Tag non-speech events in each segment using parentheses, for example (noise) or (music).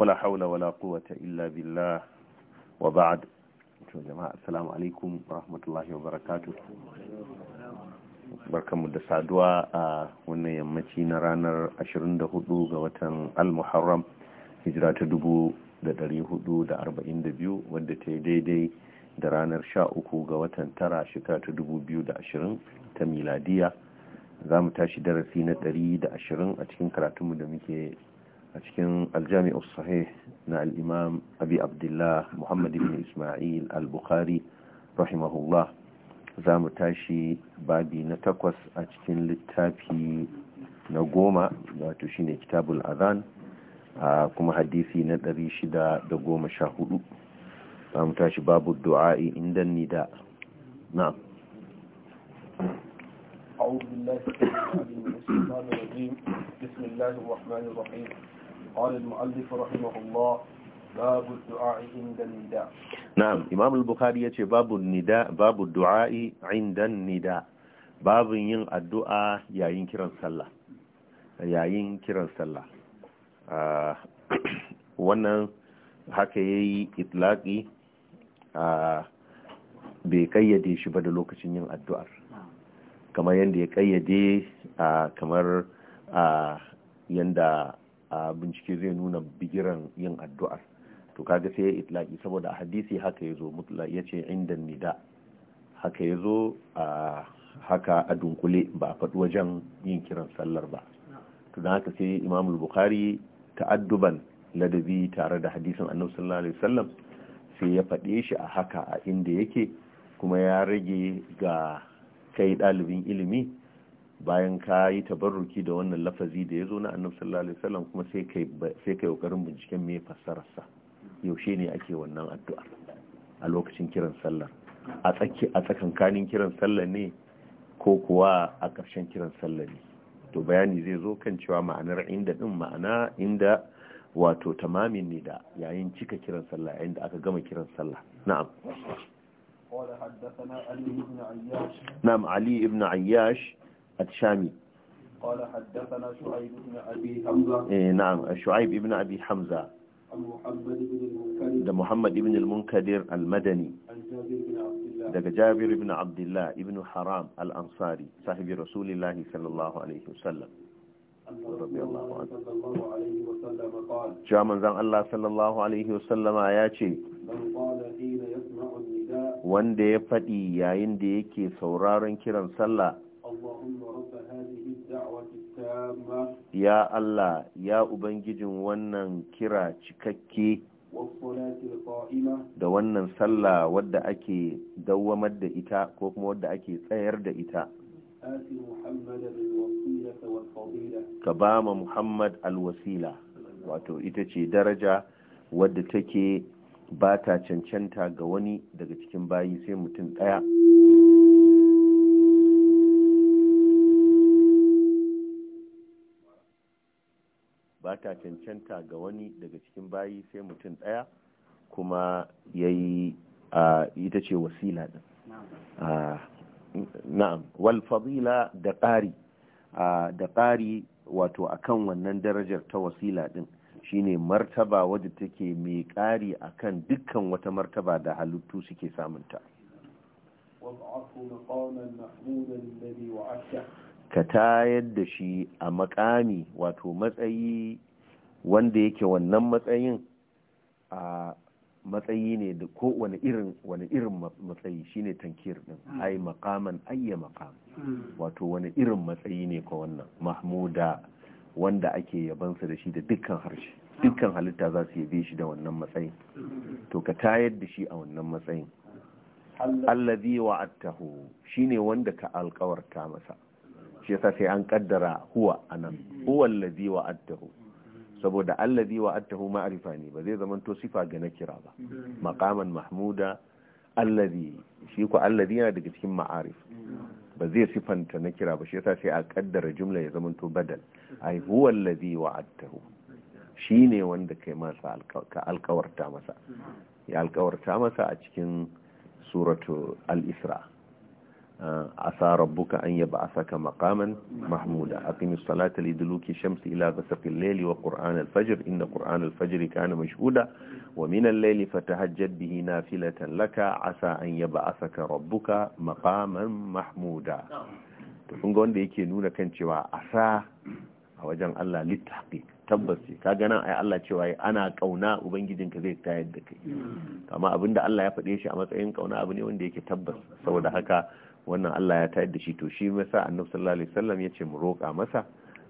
wala haula wala quwwata illa billah wa ba'd to jama'a assalamu alaikum wa rahmatullahi wa barakatuh barkamu da saduwa a wannan yammaci na ranar 24 ga watan al-muharram hijira ta 442 wadda ta yi daidai da ranar 13 ga watan tara shekara ta 2020 ta miladiya za mu tashi darasi na 120 a cikin karatunmu da muke a cikin aljami'ar sahih na al'imam abi abdullah muhammad ibn ismail al-bukhari rahimahullah za mu tashi babi na takwas a cikin littafi na goma wato shine kitabul azan kuma hadisi na ɗari shida da goma sha hudu za mu tashi babu du'a'i inda nida na'am أعوذ بالله من الشيطان الرجيم بسم الله الرحمن الرحيم قال المؤلف رحمه الله باب الدعاء عند النداء نعم امام البخاري يتي باب النداء باب الدعاء عند النداء باب ين الدعاء يا ين كيران صلاه يا ين كيران ا wannan haka yayi itlaqi a bai kayyade shi ba da lokacin yin addu'ar kamar yadda ya kayyade kamar yadda bincike zai nuna bigiran yin addu'ar to kaga sai ya itlaki saboda hadisi haka yazo ya yace inda nida haka yazo a haka a dunkule ba a faɗi wajen yin kiran sallar ba to dan haka sai Imam al-Bukhari ta'adduban ladabi tare da hadisin Annabi sallallahu alaihi wasallam sai ya faɗe shi a haka a inda yake kuma ya rage ga kai ɗalibin ilimi bayan ka yi tabarruki da wannan lafazi da ya zo na annabi sallallahu alaihi wasallam kuma sai kai sai kai kokarin binciken me fassararsa yaushe ne ake wannan addu'a a lokacin kiran sallar a tsaki a tsakankanin kiran sallar ne ko kuwa a ƙarshen kiran sallar ne to bayani zai zo kan cewa ma'anar inda din ma'ana inda wato tamamin ne da yayin cika kiran sallah yayin da aka gama kiran sallah na'am na'am ali ibn ayyash الشامي قال حدثنا شعيب بن أبي حمزة إيه نعم شعيب بن أبي حمزة ده محمد بن المنكدر المدني ده جابر بن عبد الله ابن حرام الأنصاري صاحب رسول الله صلى الله عليه وسلم رضي الله عنه جاء من زن الله صلى الله عليه وسلم آياتي wanda ya faɗi yayin da yake sauraron kiran sallah Ya Allah ya ubangijin wannan kira cikakke da wannan sallah wadda ake dawwamar da ita ko kuma wadda ake tsayar da ita ka ba ma muhammad alwasila wato ita ce daraja wadda take ba ta cancanta ga wani daga cikin bayi sai mutum ɗaya ba ta cancanta ga wani daga cikin bayi sai mutum ɗaya kuma ya yi ita ce wasila ɗin na'am walfabila da ƙari da ƙari wato akan wannan darajar ta wasila ɗin shine martaba wadda take mai ƙari a kan dukkan wata martaba da halittu suke samunta. ka tayar da shi a makami wato matsayi wanda yake wannan matsayin a matsayi ne da ko wani irin wani irin matsayi shine tankir din hmm. ai makaman ayya makam hmm. wato wani irin matsayi ne ko wannan mahmuda wanda ake yabansa da shi da dukkan harshe dukkan halitta za su yabe shi da wannan matsayin hmm. to ka tayar da shi a wannan matsayin allazi wa'attahu shine wanda ka alkawarta masa shi yasa sai an kaddara huwa anan huwa allazi wa'adahu saboda allazi wa'adahu ma'rifa ne ba zai zaman to sifa ga kira ba maqaman mahmuda allazi shi ko allazi yana daga cikin ma'arif ba zai sifanta kira ba shi yasa sai a kaddara jumla ya zaman to badal ai huwa allazi wa'adahu shine wanda kai masa ka alkawarta masa ya alkawarta masa a cikin suratu al-isra asa rabbuka an yaba asaka saka makaman mahmuda a kan yi salatar yi duluki shamsu ila ga safin laili wa ƙoran alfajir inda ƙoran alfajir ka na mashuda wa minan laili fata hajjar bihi na filatan laka asa an yaba a saka rabbuka makaman mahmuda tafin ga wanda yake nuna kan cewa asa a wajen Allah littafi tabbas ce ka ganin ai Allah cewa ana ƙauna ubangijin ka zai tayar da kai amma abinda Allah ya fade shi a matsayin kauna abu ne wanda yake tabbas saboda haka wannan Allah ya tayar da shi to shi masa annabi sallallahu alaihi wasallam yace mu roƙa masa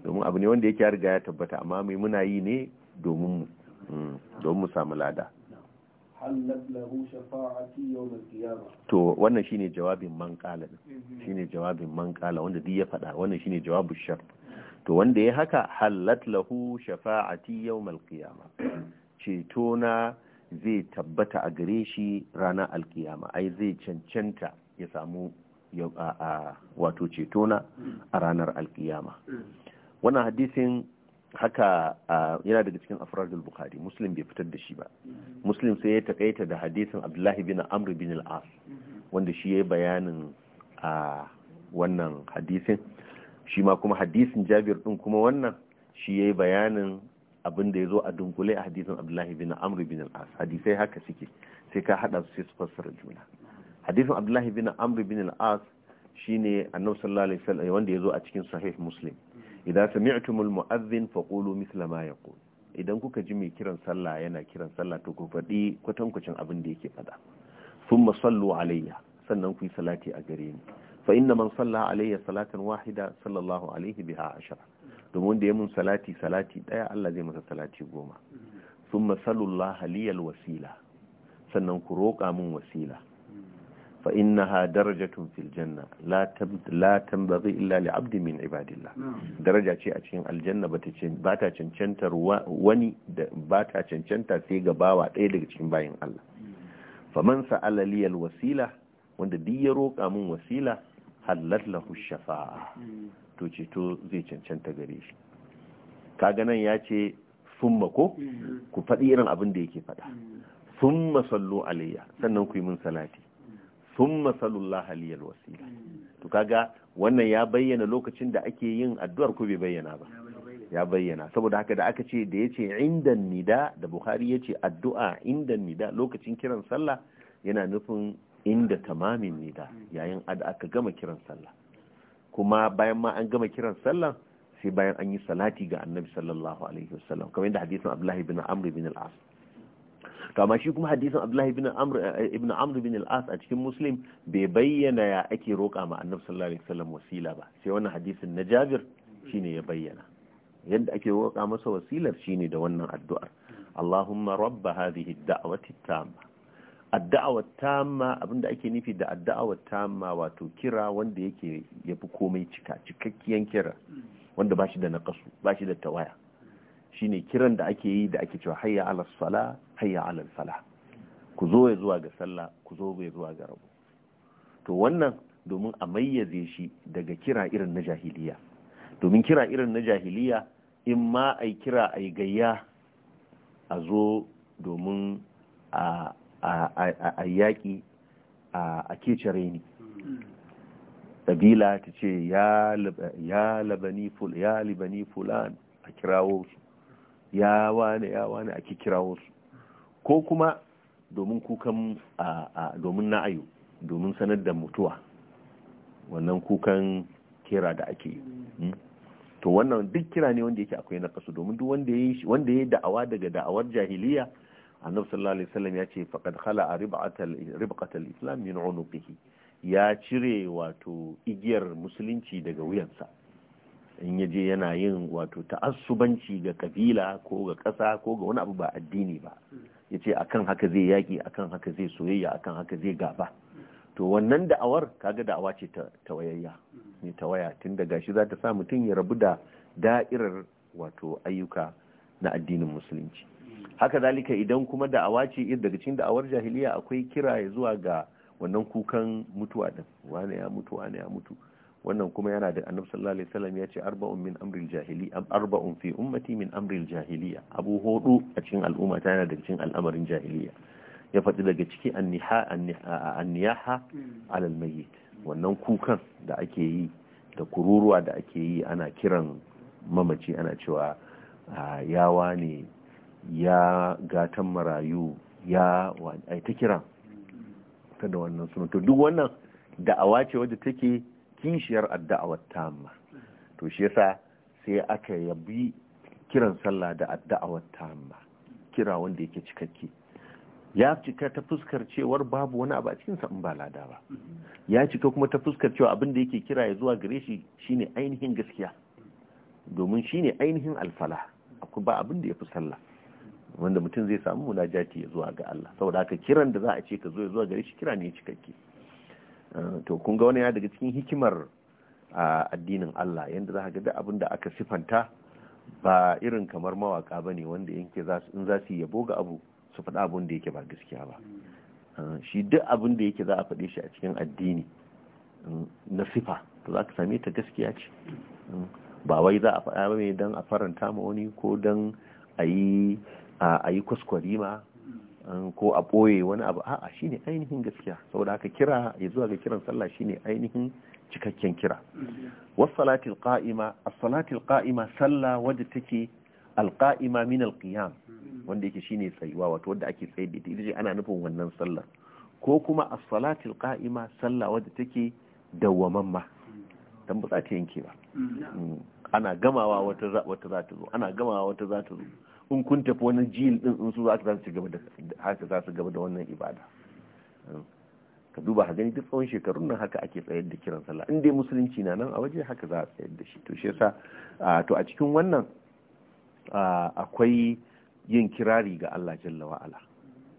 domin abu ne wanda yake ya riga ya tabbata amma mai muna yi ne domin mu mm, domin mu samu lada to wannan shine jawabin man kala shine jawabin man kala wanda duk ya faɗa wannan shine jawabu shar to wanda ya haka hallat lahu shafa'ati yawmal qiyama ceto na zai tabbata a gare shi ranar alkiyama ai zai cancanta ya samu wato cetona a ranar alkiyama wannan hadisin haka yana daga cikin afradul bukhari muslim bai fitar da shi ba muslim sai ya takaita da hadisin abdullahi bin amr bin al-as wanda shi ya yi bayanin a wannan hadisin shi ma kuma hadisin jabir din kuma wannan shi ya yi bayanin abinda ya zo a dunkule a hadisin abdullahi bin amr bin al-as hadisai haka suke sai ka hada su sai su fassara juna hadisin abdullahi bin amri bin al-as shine annabi sallallahu alaihi wasallam wanda ya zo a cikin sahih muslim idan sami'tumul mu'adhdhin faqulu mithla ma yaqul idan kuka ji mai kiran sallah yana kiran sallah to ku faɗi kwatankwacin abin da yake faɗa thumma sallu alayya sannan ku yi salati a gare ni fa inna man salla alayya salatan wahida sallallahu alaihi biha ashara domin da ya mun salati salati daya Allah zai masa salati goma thumma sallu Allah wasila sannan ku roƙa mun wasila fa innaha darajatun fil janna la la tanbaghi illa li min ibadillah daraja ce a cikin aljanna bata ce bata cancantar wani da bata cancanta sai ga bawa ɗaya daga cikin bayan Allah man sa alaliyar wasila wanda duk ya roƙa min wasila halal lahu shafa'a hmm. to ceto zai cancanta gare shi kaga nan ya ce summa ko hmm. ku faɗi irin abin da yake faɗa hmm. summa sallu alayya sannan ku yi min salati sun masalullah haliyar wasila to kaga wannan ya bayyana lokacin da ake yin addu'ar ko bai bayyana ba ya bayyana saboda haka da aka ce da yace ce inda nida da buhari yace addu'a inda nida lokacin kiran sallah yana nufin inda tamamin nida yayin aka gama kiran sallah kuma bayan ma an gama kiran sallah sai bayan an yi salati ga annabi sallallahu alaihi wasallam kamar yadda hadisin abdullahi bin amr bin al-as to amma shi kuma hadisin abdullahi eh, ibn amr ibn amr ibn al-as a cikin muslim bai bayyana ya ake roƙa ma annabi sallallahu alaihi wasallam wasila ba sai wannan hadisin na jabir shine ya bayyana yadda ake roƙa masa wasilar shine da wannan addu'ar Allahumma rabba hadhihi ad-da'wati tamma ad-da'wa tamma abinda ake nufi da ad-da'wa tamma wato kira wanda yake yafi komai cika cikakkiyan kira wanda bashi da naqasu bashi da tawaya shine kiran da ake yi da ake cewa hayya ala sala hayya ala sala ku zo ya zuwa ga sallah ku zo ya zuwa ga rabo to wannan domin a mayyaze shi daga kira irin na jahiliya domin kira irin na jahiliya in ma ai kira ai gayya a zo domin a yaƙi a kece reni ƙabila ta ce ya labani fulan a kirawo su ya wane ya wane ake kirawo su ko kuma domin kukan domin na'ayu domin sanar da mutuwa wannan kukan kera da ake yi hmm? to wannan duk kira ne wanda yake akwai na kasu domin duk wanda ya wanda ya da'awa daga da'awar jahiliya annabi sallallahu alaihi wasallam ya ce faqad khala ribqatal ribqatal islam min unuqihi ya cire wato igiyar musulunci daga wuyansa in ya je yana yin wato ta'assubanci ga kabila ko ga ƙasa ko ga wani abu ba addini ba ya ce akan haka zai yaƙi akan haka zai soyayya akan haka zai gaba to wannan da'awar kaga da'awa ce ta wayayya ne ta waya tun daga shi za ta sa mutum ya rabu da da'irar wato ayyuka na addinin musulunci haka zalika idan kuma da'awa ce daga cikin da'awar jahiliya akwai kira zuwa ga wannan kukan mutuwa din wane ya mutu wane ya mutu wannan kuma yana da annabi sallallahu alaihi wasallam ya ce arba'un min amril jahili arba'un fi ummati min amril jahiliya abu hudu a cikin al'umma ta yana da cikin al'amarin jahiliya ya faɗi daga ciki anniha anniyaha ala almayyit wannan kukan da ake yi da kururuwa da ake yi ana kiran mamaci ana cewa yawa ne ya gatan marayu ya ai ta kiran ta wannan sunan to duk wannan da'awa ce wadda take kishiyar addu'a tamma to shi yasa sai aka yabi kiran sallah da addu'a tamma kira wanda yake cikakke ya cika ta fuskar cewar babu wani abu a cikin sa in ba lada ba ya cika kuma ta fuskar cewa abin da yake kira ya zuwa gare shi shine ainihin gaskiya domin shine ainihin alfala akwai ba abin da ya fi sallah wanda mutum zai samu munajati ya zuwa ga Allah saboda haka kiran da za a ce ka zo ya zuwa gare shi kira ne cikakke Eh, to kun ga wani ya daga cikin hikimar a addinin Allah yadda za ga duk abin da aka sifanta ba irin kamar mawaka ba ne wanda yanke in za su yabo ga abu su faɗa abin da yake ba gaskiya ba eh, shi duk abin da yake za a faɗe shi a cikin addini mm, na sifa to za ka same ta gaskiya ce mm, ba wai za a faɗa mai don a faranta ma wani ko don a yi kwaskwarima ko a ɓoye wani abu a'a shine ainihin gaskiya saboda aka kira ya zuwa ga kiran sallah shine ainihin cikakken kira wasu salatil qa'ima as-salatil qa'ima sallah wadda take alqa'ima min wanda yake shine tsayuwa wato wadda ake tsaye da ita ana nufin wannan sallar ko kuma as-salatil qa'ima sallah wadda take dawwamamma dan ba za yanke ba mm, mm, ana gamawa wata wata za ta zo ana gamawa wata za ta zo in kun tafi wani jil din in su za su gaba da haka za su gaba da wannan ibada ka duba ha gani duk tsawon shekarun nan haka ake tsayar da kiran sallah in dai musulunci na nan a waje haka za a tsayar da shi to shi yasa to a cikin wannan akwai yin kirari ga Allah jalla wa ala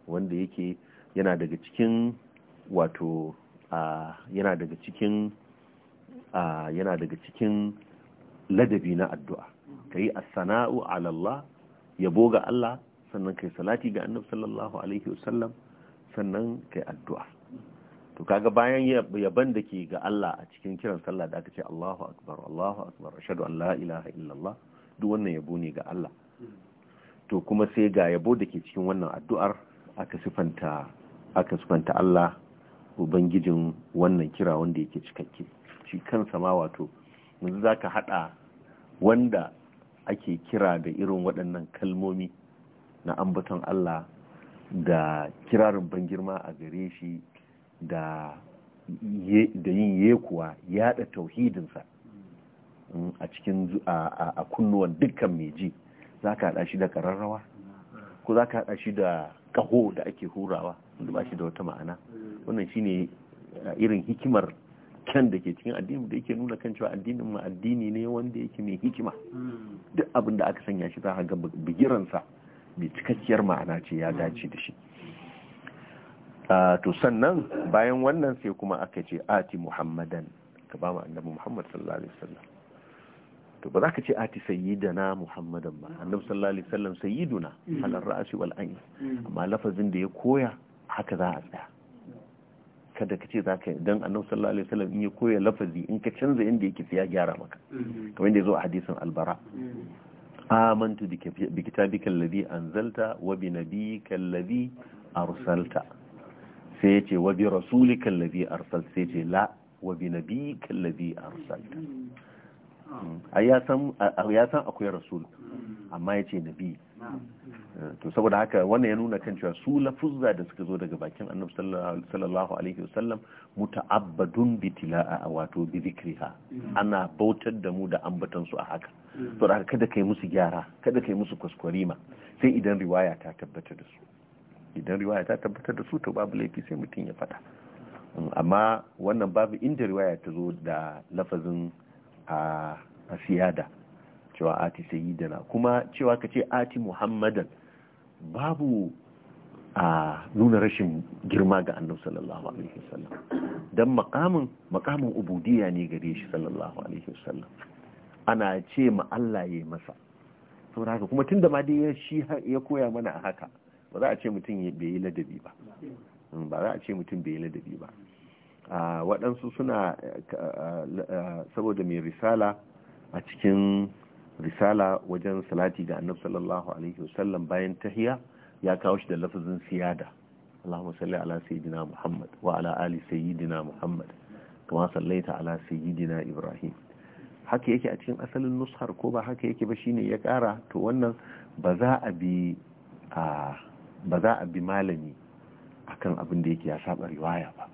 wanda yake yana daga cikin wato yana daga cikin yana daga cikin ladabi na addu'a ka yi sana'u ala Allah yabo ga Allah sannan kai salati ga annabi sallallahu alaihi wasallam sannan kai addu'a to kaga bayan yaban da ke ga Allah a cikin kiran sallah da aka ce Allahu akbar Allahu akbar ashhadu an la ilaha illallah duk wannan yabo ne ga Allah to kuma sai ga yabo da ke cikin wannan addu'ar aka sifanta aka sifanta Allah ubangijin wannan kira wanda yake cikakke shi kansa ma wato yanzu zaka hada wanda ake kira da irin waɗannan kalmomi na ambaton Allah da kirarin ban girma a gare shi da yin yekuwa yaɗa tauhidinsa mm, a cikin a kunnuwan dukkan mai za ka haɗa shi da ƙararrawa ko za ka haɗa shi da ƙaho da ake hurawa wanda ba shi da wata ma'ana wannan shine irin hikimar kyan da ke cikin addinin da yake nuna kan cewa addinin mu addini ne wanda yake mai hikima hmm. duk abin da aka sanya shi za a ga bigiransa mai cikakkiyar ma'ana ce ya dace da shi hmm. ah, to sannan bayan wannan sai kuma aka ce ati muhammadan ka ba mu annabi muhammad sallallahu alaihi wasallam to ba za ka ce ati sayyidana muhammadan ba hmm. annabi sallallahu alaihi wasallam sayyiduna halar ra'asi wal ayn amma lafazin da ya koya haka za a tsaya kada ka ce za ka don annabi sallallahu alaihi wasallam in ya koya lafazi in ka canza inda yake sai ya gyara maka mm-hmm. kamar yadda ya zo a hadisin albara mm-hmm. amantu bi kitabika alladhi anzalta wa bi nabiyyika alladhi arsalta sai yace wa bi rasulika alladhi arsalta sai yace la wa bi nabiyyika alladhi arsalta mm-hmm. mm. ai ya san akwai rasul amma yace nabi to saboda haka wannan ya nuna kan cewa su lafuzza da suka zo daga bakin annabi sallallahu alaihi wasallam muta'abbadun bi tila'a wato bi zikriha mm-hmm. ana bautar da mu da ambatan su a haka to mm-hmm. da kada kai musu gyara kada kai musu kwaskwarima sai idan riwaya ta tabbata da su idan riwaya ta tabbata da su to babu laifi sai mutum ya fada mm, amma wannan babu inda riwaya ta zo da lafazin a siyada cewa ati sayyidana kuma cewa ka ce ati muhammadan babu a nuna rashin girma ga annabi sallallahu alaihi wasallam dan makamin makamin ubudiyya ne gare shi sallallahu alaihi wasallam ana ce ma Allah yayi masa to haka kuma tunda ma dai shi ya koya mana a haka ba za a ce mutum bai yi ladabi ba hmm, ba za a ce mutum bai yi ladabi ba waɗansu suna saboda mai risala a cikin risala wajen salati ga annabi sallallahu alaihi wasallam bayan tahiya ya kawo shi da lafazin siyada Allahumma salli ala sayyidina Muhammad wa ala ali sayyidina Muhammad kama sallaita ala sayyidina Ibrahim haka yake a cikin asalin nushar ko ba haka yake ba shine ya kara to wannan ba za a bi ba za a bi malami akan abin da yake ya saba riwaya ba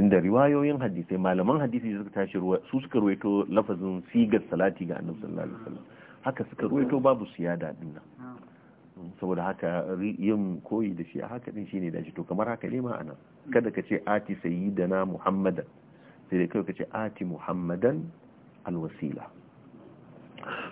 tunda riwayoyin hadisai malaman hadisi suka tashi su suka ruwaito lafazin sigar salati ga annabi sallallahu alaihi wasallam haka suka ruwaito babu siyada din nan saboda haka yin koyi da shi a haka din shine da shi to kamar haka ne ma ana kada ka ce ati sayyidana muhammadan sai dai kai ka ce ati muhammadan alwasila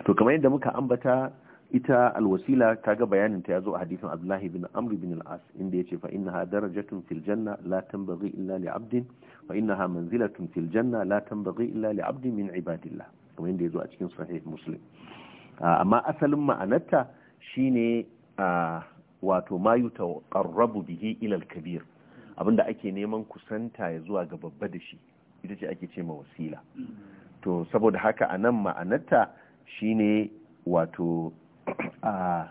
to kamar yadda muka ambata ita alwasila ta ga bayanin ta yazo a hadisin Abdullahi bin Amr bin al-As inda yace fa innaha darajatun fil janna la tanbaghi illa li 'abdin fa innaha manzilatun fil janna la tanbaghi illa li 'abdin min ibadillah kamar inda yazo a cikin sahih Muslim ah, amma asalin ma'anarta shine ah, wato ma yutaqarrabu bihi ila al-kabir abinda ake neman kusanta ya zuwa ga babba da shi ita ce ake ce ma wasila to saboda haka anan ma'anarta shine wato (clears throat) a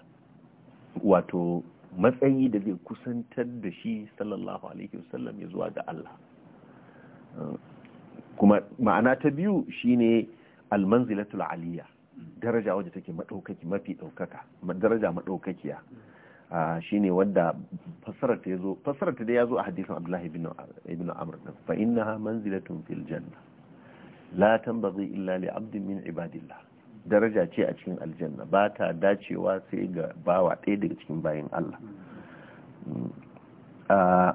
wato matsayi da zai kusantar da shi sallallahu alaihi wasallam ya zuwa ga Allah kuma ma'ana ta biyu shine almanzilatul aliyya daraja wadda take madaukaki mafi daukaka daraja madaukakiya shine wanda fassarar ta yazo fasarar ta da yazo a hadisin Abdullah ibn ibn Amr fa innaha manzilatun fil janna la tanbaghi illa li 'abdin min ibadillah daraja ce a cikin aljanna ba ta dacewa sai ga bawa ɗaya daga cikin bayan Allah mm. ah,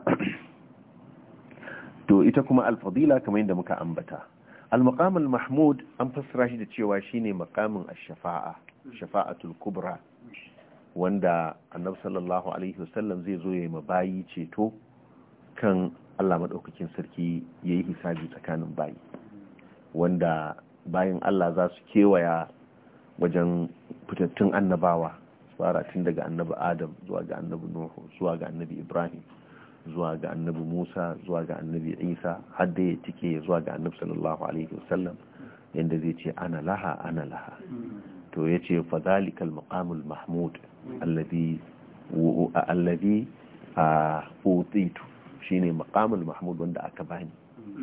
to ita kuma alfadila kamar yadda muka ambata al-maqam mahmud an fassara shi da cewa shine maqamin ash-shafa'a shafa'atul kubra wanda annabi sallallahu alaihi wasallam zai zo yayi mabayi ceto kan Allah madaukakin sarki yayi hisabi tsakanin bayi wanda bayan Allah za su kewaya wajen fitattun annabawa fara tun daga annabi adam zuwa ga annabi nuhu zuwa ga annabi ibrahim zuwa ga annabi musa zuwa ga annabi isa har da ya tike zuwa ga annabi sallallahu alaihi wasallam yanda zai ce ana laha ana laha to ya ce fadhalikal maqamul mahmud alladhi alladhi a ah, utitu shine maqamul mahmud wanda aka bani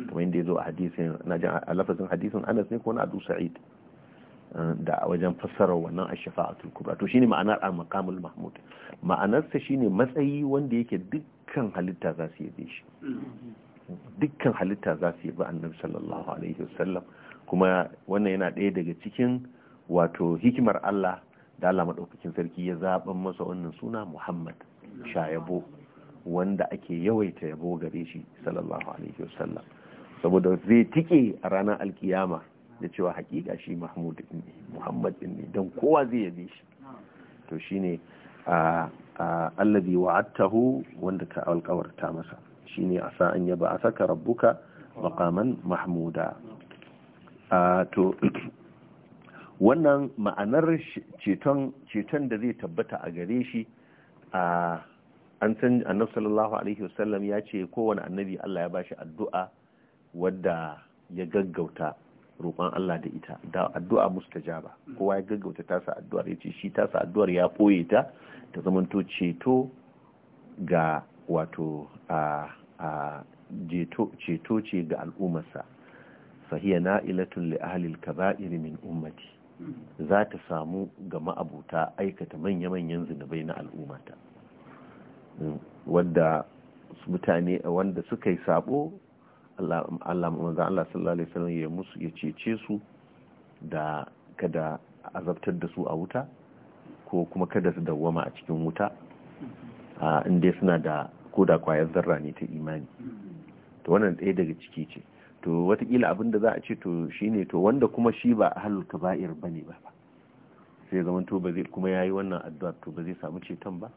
kuma inda ya zo a hadisin na jan a lafazin hadisin anas ne ko na abu sa'id eh, da wajen fassarar wannan a shafa'atul kubra to shine ma'anar al makamul mahmud ma'anarsa shine matsayi wanda yake dukkan halitta za su yabe shi dukkan halitta za su yabi annabi sallallahu alaihi wasallam kuma wannan yana ɗaya daga cikin wato hikimar Allah da Allah madaukakin sarki ya zaben masa wannan suna Muhammad shayabo wanda ake yawaita yabo gare shi sallallahu alaihi wasallam saboda zai tike a ranar alkiyama da cewa hakika shi mahmud ne muhammad ne don kowa zai yabe shi to shine a allazi wa'attahu wanda ka alƙawarta masa shine sa an yaba asaka rabbuka maqaman mahmuda to (clears throat) wannan ma'anar ceton da zai tabbata a gare shi a an san annabi sallallahu alaihi wasallam ya ce kowane annabi Allah ya bashi addu'a wadda ya gaggauta roƙon Allah da ita da addu'a mustajaba kowa ya gaggauta tasa addu'ar ya ce shi tasa addu'ar ya ɓoye ta ta zamanto ceto ga wato a a ceto ce ga al'ummarsa sahiya na'ilatun li ahlil kaba'ir min ummati za ta samu ga ma'abuta aikata manya-manyan zunubai na al'ummata Wadda mutane wanda suka yi sabo Allah manzan Allah sallallahu alaihi wasallam ya musu ya cece su da kada azabtar da su a wuta ko kuma kada su dawwama a cikin wuta a inda suna da koda kwayar zarra ne ta imani to wannan ɗaya daga ciki ce to watakila abin da za a ce to shi ne to wanda kuma shi ba ahlul kaba'ir ba'ir ba sai zama to ba zai kuma yayi wannan addu'a to ba zai samu ceton ba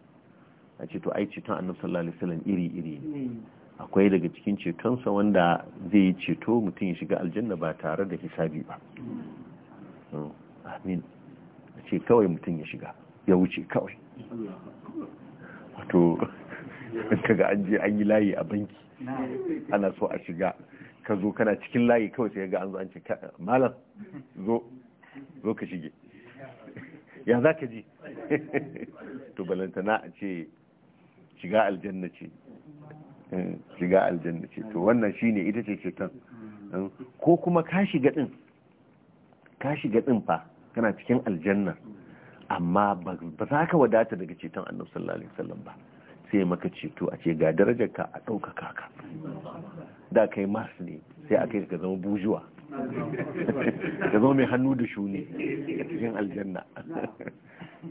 a ce to ai ceton annabi sallallahu alaihi wasallam iri iri ne hmm. akwai daga cikin cetonsa wanda zai yi ceto mutum ya shiga aljanna ba tare da hisabi ba hmm. Hmm. amin a ce kawai mutum ya shiga ya wuce kawai wato kaga an je an yi layi a banki ana so a shiga ka zo kana cikin layi kawai sai ga an zo an ce malam zo zo ka shige (laughs) ya za ka ji (laughs) to balantana a ce shiga aljanna ce eh, shiga aljanna ce to wannan shine ita ce ceton eh, ko kuma ka shiga din ka shiga din fa kana cikin aljanna amma ba za ka wadata daga ceton annabi sallallahu alaihi wasallam ba sai maka ceto a ce ga darajar ka a ɗaukaka ka da kai mas ne sai a kai ka zama bujuwa (laughs) ka zama mai hannu da shuni a cikin aljanna (laughs)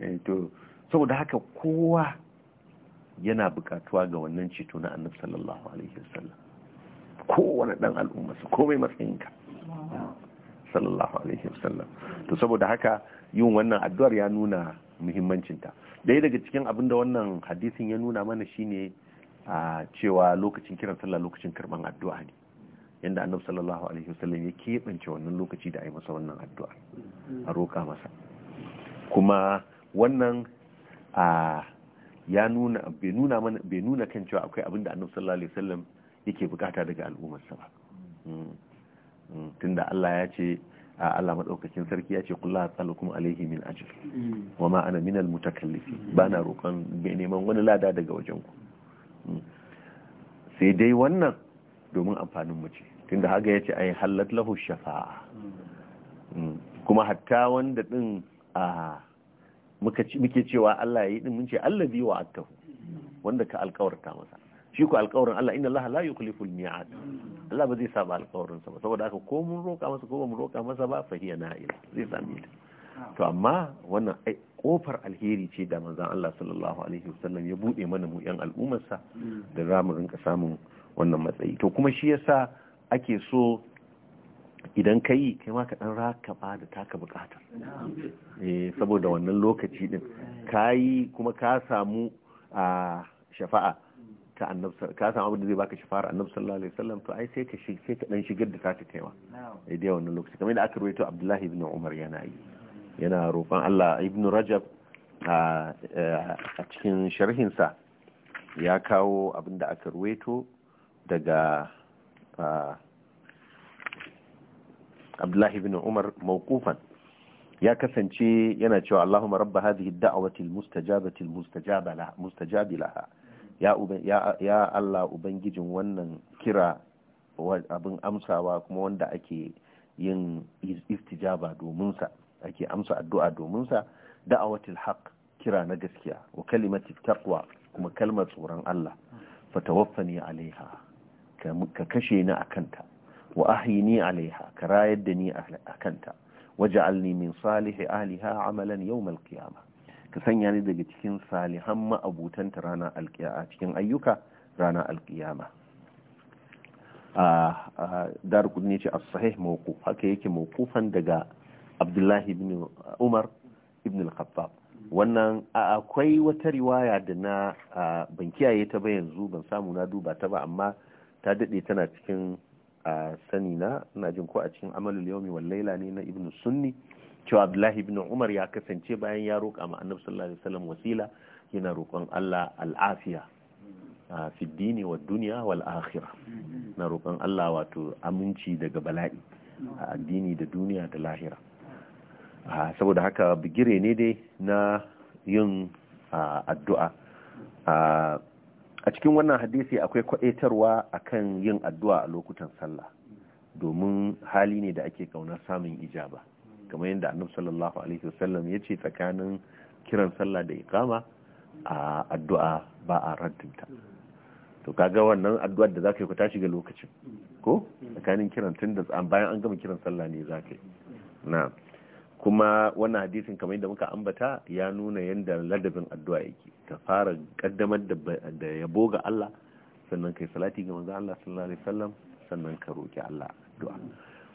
eh, to saboda haka kowa yana bukatuwa ga wannan ceto na annabi sallallahu alaihi wasallam kowane dan al'umma su komai matsayinka sallallahu alaihi wasallam to saboda haka yin wannan addu'ar ya nuna muhimmancinta dai daga cikin abin da wannan hadisin ya nuna mana shine a cewa lokacin kiran sallah lokacin karban addu'a ne yanda annabi sallallahu alaihi wasallam ya keɓance wannan lokaci da a masa wannan addu'a a roka masa kuma wannan a ya nuna bai nuna mana bai nuna kan cewa akwai abin da annabi sallallahu alaihi wasallam yake bukata daga al'ummarsa ba mm. Mm. tunda Allah ya ce a Allah madaukakin sarki ya ce kullu asalukum alaihi min ajr mm. wa ma ana minal mutakallifi bana roƙon bai neman wani lada daga wajen ku sai dai wannan domin amfanin mu ce tunda haga ce ai halat lahu shafa'a kuma hatta wanda din a muke cewa Allah ya yi din mun ce wa wa'adahu wanda ka alƙawarta masa shi ku alƙawarin Allah inna Allah la yukhliful mi'ad Allah ba zai saba alƙawarin sa ba saboda haka ko mun roƙa masa ko ba mu roƙa masa ba fa hiya na'ila zai sami ta to amma wannan kofar alheri ce da manzon Allah sallallahu alaihi wasallam ya bude mana mu yan al'ummar sa da za mu rinka samun wannan matsayi to kuma shi yasa ake so idan ka yi kai ma ka ɗan rakaba da taka buƙatar eh, saboda wannan lokaci din ka yi kuma ka samu a shafa'a ta annabta ka samu abin da zai baka shafa'ar annabi sallallahu alaihi wasallam to ai sai ka sai ka dan shigar da taka kaiwa Idan dai wannan lokaci kamar da aka rawaito Abdullahi ibn Umar yana yi yana roƙon Allah ibn Rajab a cikin sharhin sa ya kawo abin da aka rawaito daga abdullahi ibn umar mawqufan ya kasance yana cewa Allahumma rabba hadhihi ad-da'wati al-mustajabati al ya ya Allah ubangijin wannan kira abin amsawa kuma wanda ake yin istijaba domin sa ake amsa addu'a domin sa da'awatil haqq kira na gaskiya wa kalimati taqwa kuma kalmar tsoron Allah fa tawaffani alaiha ka kashe ni akanta wa ahyi ni alaiha ka rayar da ni a kanta waje min salihi ahliha amalan yawmal qiyama ka sanya ni daga cikin salihan ma'abutanta rana alkiyama cikin ayyuka ranar alkiyama dar ne ce as-sahih mawquf haka yake mawqufan daga Abdullahi ibn Umar ibn al-Khattab wannan akwai wata riwaya da na ban kiyaye ta ba yanzu ban samu na duba ta ba amma ta dade tana cikin a sani na na jin ko a cikin amalul yawmi wal laila ne na ibnu sunni cewa abdullahi ibn umar ya kasance bayan ya roƙa ma annabi sallallahu alaihi wasallam wasila yana roƙon Allah al'afiya fi dini wa duniya wal akhirah na roƙon Allah wato aminci daga bala'i a addini da duniya da lahira saboda haka bigire ne dai na yin addu'a a cikin wannan hadisi akwai a kan yin addu'a a lokutan sallah domin hali ne da ake kaunar samun ijaba kamar yadda annab sallallahu alaihi wasallam ya ce tsakanin kiran sallah da ikama a addu'a ba a rantinta to kaga wannan addu'ar da zaka yi ku tashi ga lokacin ko tsakanin kiran tun da bayan an gama kiran sallah ne zaka yi na'am kuma wannan hadisin kamar yadda muka ambata ya nuna yadda ladabin addu'a yake ka fara kaddamar da yabo ga Allah sannan kai salati ga manzon Allah sallallahu alaihi wasallam sannan ka roki Allah addu'a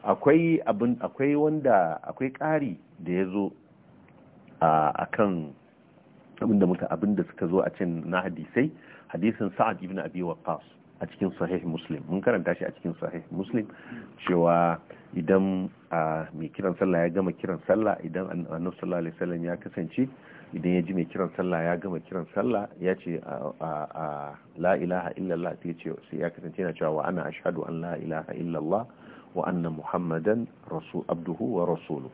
akwai abin akwai wanda akwai ƙari da ya zo a kan abinda muka abinda suka zo a cin na hadisai hadisin sa'ad ibn abi waqqas a cikin sahih muslim mun karanta shi a cikin sahih muslim cewa idan a mai kiran sallah ya gama kiran sallah idan annabi sallallahu alaihi wasallam ya kasance idan ya ji mai kiran sallah ya gama kiran sallah ya ce a la ilaha illallah sai ce sai ya kasance yana cewa wa ana ashhadu an la ilaha illallah wa anna muhammadan rasul abduhu wa rasulu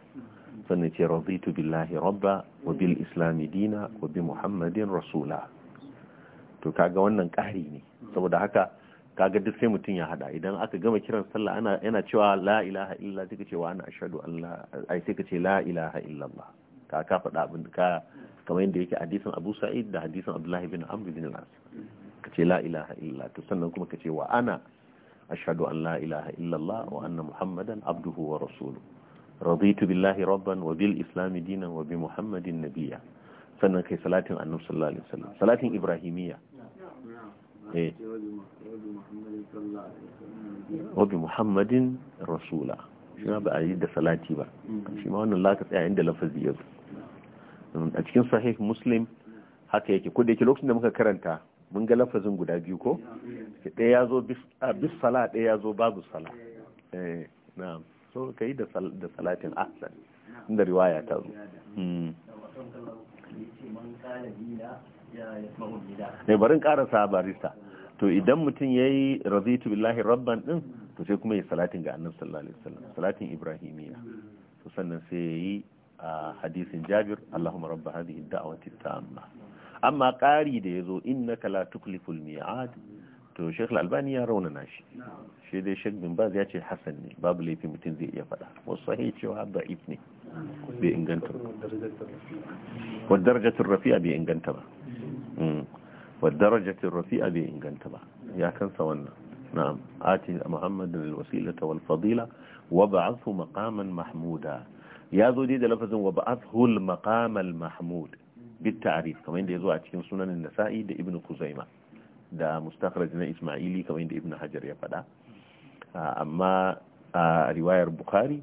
sannan ce raditu billahi rabba wa bil islami dina wa bi muhammadin rasula to kaga wannan ƙari ne saboda haka kaga duk sai mutum ya hada idan aka gama kiran sallah ana yana cewa la ilaha illa sai ka ce wa ana ashhadu allah ai sai ka ce la ilaha illallah ka ka faɗa abin ka kamar yadda yake hadisin Abu Sa'id da hadisin Abdullahi bin Amr ibn Al-As ka ce la ilaha illa to sannan kuma ka ce wa ana ashhadu an la ilaha illallah wa anna muhammadan abduhu wa rasuluhu raditu billahi rabban wa bil islam dinan wa bi muhammadin nabiyya sannan kai salatin annabi sallallahu alaihi wasallam salatin ibrahimiyya wabi muhammadin rasula shi ba a yi da salati ba shi ma wannan laka tsaya inda lafazi ya zo a cikin sahih muslim haka yake ko da yake lokacin da muka karanta mun ga lafazin guda biyu ko ɗaya ya zo bis sala ɗaya ya zo babu sala na so ka yi da salatin ahsan inda riwaya ta zo ne eh, barin karasa barista to idan mutum ya yi razitu billahi rabban din to sai kuma ya salatin ga annan sallallahu alaihi wasallam salatin ibrahimiya to sannan sai ya yi a hadisin jabir allahumma rabba hadhihi da'wati tamma amma qari da yazo innaka la tukliful mi'ad to Sheikh Al-Albani ya rauna shi shi dai Sheikh bin Baz ya ce hasan ne babu laifin mutum zai iya faɗa wasu sahi cewa da'if ne bai inganta ba wa darajatul rafi'a bai inganta ba Mm. wadda rajatin rafi'a bai inganta ba ya kansa wannan na'am ati muhammadin alwasilata wal fadila wa ba'athu maqaman mahmuda ya zo dai da lafazin wa ba'athu al maqam al mahmud bit ta'rif kamar yadda yazo a cikin sunanin nasa'i da ibnu kuzaima da mustakhraj na isma'ili kamar yadda ibnu hajar ya faɗa amma a riwayar bukhari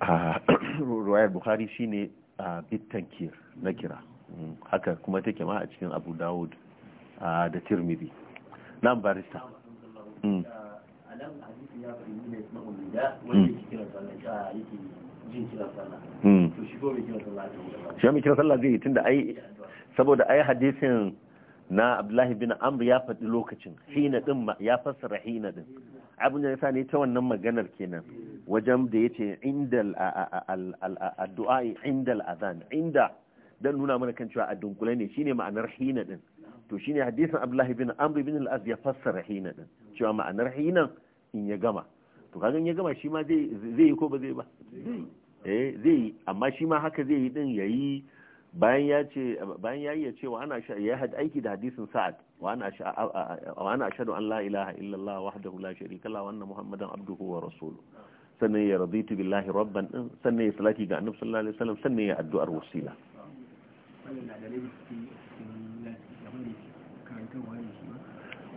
(coughs) riwayar bukhari shine bit tankir na kira haka kuma take ma a cikin abu dawud da tirmidhi nan barista shi mai kira sallah zai yi ai saboda ai hadisin na abdullahi bin amr ya faɗi lokacin hina din ya fassara hina din abin da yasa ne ta wannan maganar kenan wajen da yace indal addu'a indal adhan inda dan nuna mana kan cewa a dunkule ne shine ma'anar hina din to shine hadisin Abdullahi bin Amr bin al-Az ya fassara hina din cewa ma'anar hina in ya gama to kaga in ya gama shi ma zai zai yi ko ba zai ba eh zai yi amma shi ma haka zai yi din yayi bayan ya ce bayan yayi ya ce wa ana sha ya had aiki da hadisin Sa'ad wa ana wa ana ashhadu an la ilaha illallah wahdahu la sharika lahu wa anna muhammadan abduhu wa rasuluhu sannan ya raditu billahi rabban din sannan ya salati ga annabi sallallahu alaihi wasallam sannan ya addu'ar wasila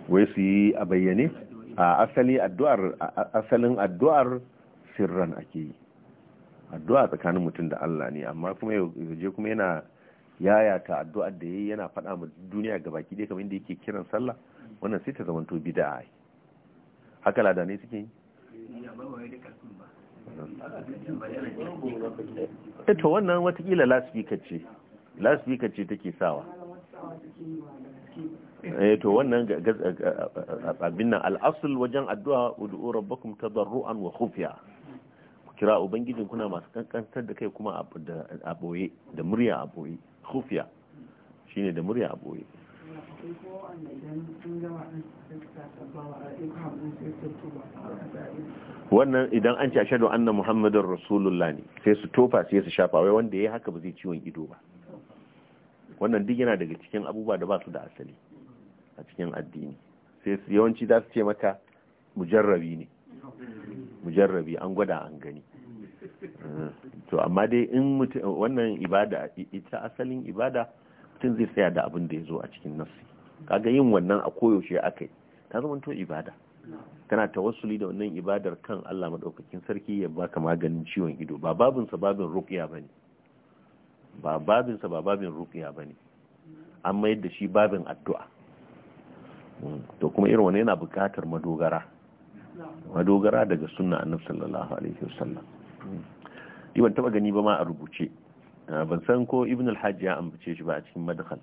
wai su yi a bayyane a asali addu'ar asalin addu'ar sirran ake yi addu'a tsakanin mutum da Allah ne amma kuma je kuma yana yayata addu'ar da yayi yana faɗa ma duniya gaba baki ɗaya kamar inda yake kiran sallah wannan sai ta zamanto bid'a ai haka ne suke yi eh to wannan watakila lasfika ce lasfika ce take sawa eh to wannan abin nan al'asul wajen addu'a ud'u rabbakum tadarruan wa khufiya kira ubangijin kuna masu kankantar da kai kuma a boye da murya a boye khufiya shine da murya a boye wannan idan an ci ashadu anna muhammadin rasulullah ne sai su tofa sai su shafa wai wanda ya haka ba zai ciwon ido ba wannan duk yana daga cikin abubuwa da ba su da asali a cikin addini sai su yawanci za su ce maka mujarrabi ne mujarrabi an gwada an gani eh, to amma dai in wannan ibada ita asalin ibada mutum zai tsaya da abin da ya zo a cikin nasi kaga yin wannan a koyaushe aka yi ta zama to ibada kana tawassuli da wannan ibadar kan Allah madaukakin sarki ya baka maganin ciwon ido ba babinsa babin rukiya ba bane ba babinsa ba babin rukiya ba ne an mayar da shi babin addu'a hmm, to kuma irin wani yana bukatar madogara madogara daga suna annab sallallahu alaihi wasallam hmm. ni ban taba gani ba ma a rubuce ah, ban san ko ibn Alhaji ya ambace shi ba a cikin madkhal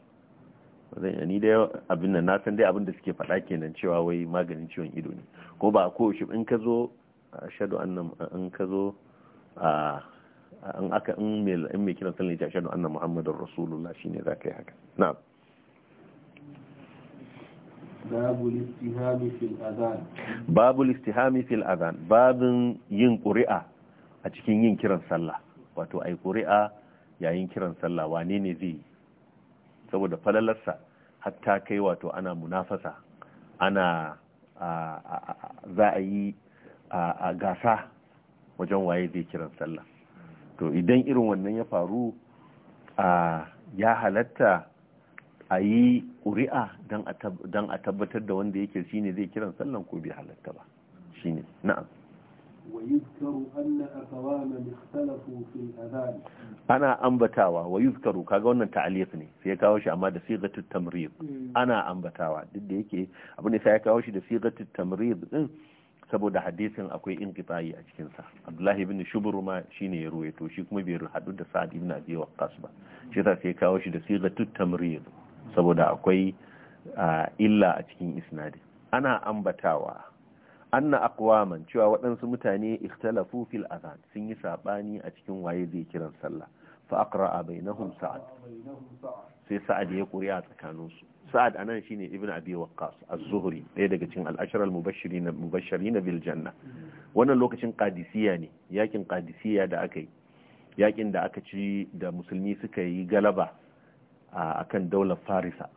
zan ni da abin nan na san dai abin da suke faɗa kenan cewa wai maganin ciwon ido ne ko ba ko shi in ka zo shaɗu annan in ka zo a ah, in aka in mai kiran sallah ya ce ashhadu anna muhammadar rasulullah shine za ka yi haka na'am babu listihami fil adhan babin yin ƙuri'a a cikin yin kiran sallah wato ai ƙuri'a yayin kiran sallah wane ne zai saboda falalarsa hatta kai wato ana munafasa ana za a yi a gasa wajen waye zai kiran sallah to idan irin wannan ya faru a ya halatta a yi ƙuri'a don a tabbatar da wanda yake shi ne zai kiran sallan ko bai halatta ba shi ne na'am ana ambatawa wa yuzkaru kaga wannan ta'alif ne sai ya kawo shi amma da sigatul tamrid hmm. ana ambatawa duk da yake abu ne sai ya kawo shi da sigatul tamrid din saboda hadisin akwai inqita'i a cikin sa Abdullahi ibn shuburma ma shine ya ruwaito shi kuma bai hadu da Sa'ad ibn Abi Waqqas ba shi yasa sai kawo shi da sigatu tamrid saboda akwai illa a cikin isnadi ana ambatawa anna aqwaman cewa waɗansu mutane ikhtalafu fil azan sun yi sabani a cikin waye zai kiran sallah fa aqra'a bainahum sa'ad sai sa'ad ya ƙuri'a tsakaninsu sa'ad anan shine ibn abi waqqas az-zuhri ɗaya daga cikin al-ashar na biljanna wannan lokacin qadisiyya ne yakin qadisiyya da aka yi yakin da aka ci da musulmi suka yi galaba kan daular farisa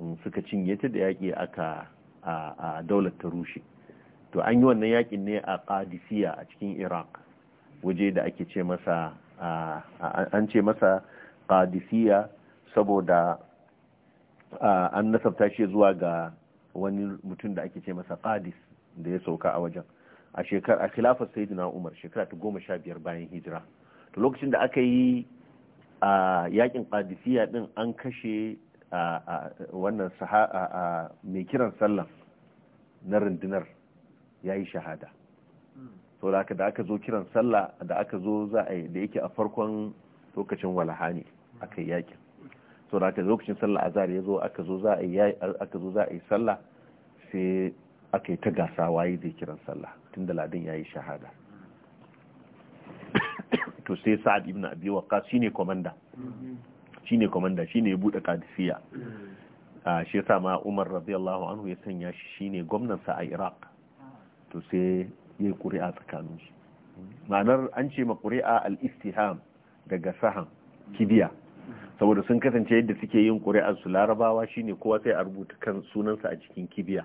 mm, suka cinye ta da yaki aka a daular ta rushe to an yi wannan yakin ne a qadisiyya a cikin iraq waje da ake ce masa an ce masa qadisiyya saboda Ah, an nasabta shi zuwa ga wani mutum da ake ce masa qadis da ya sauka a wajen a shekara, a khilafar sayyidina umar shekara ta goma sha biyar bayan hijira to lokacin da aka yi a yakin qadisiyya din an kashe wannan mai kiran sallah na rundunar ya yi shahada to da da aka zo kiran sallah da aka zo za a yi da yake a farkon lokacin walaha ne aka yi yakin so da aka lokacin sallah azhar ya zo aka zo za a yi zo za a yi sallah sai aka yi ta gasa waye zai kiran sallah tunda ladin yayi shahada to sai sa'ad ibn abi waqqas shine komanda shine komanda shine ya bude qadisiyya a ah, shi yasa ma Umar radiyallahu anhu ya sanya shi shine gwamnan sa a Iraq to sai ya yi ƙuri'a tsakanin shi ma'anar an ce ma ƙuri'a al-istiham daga sahan kibiya saboda sun kasance yadda suke yin ƙuri'ar su larabawa shine kowa sai a rubuta kan sunansa a jikin kibiya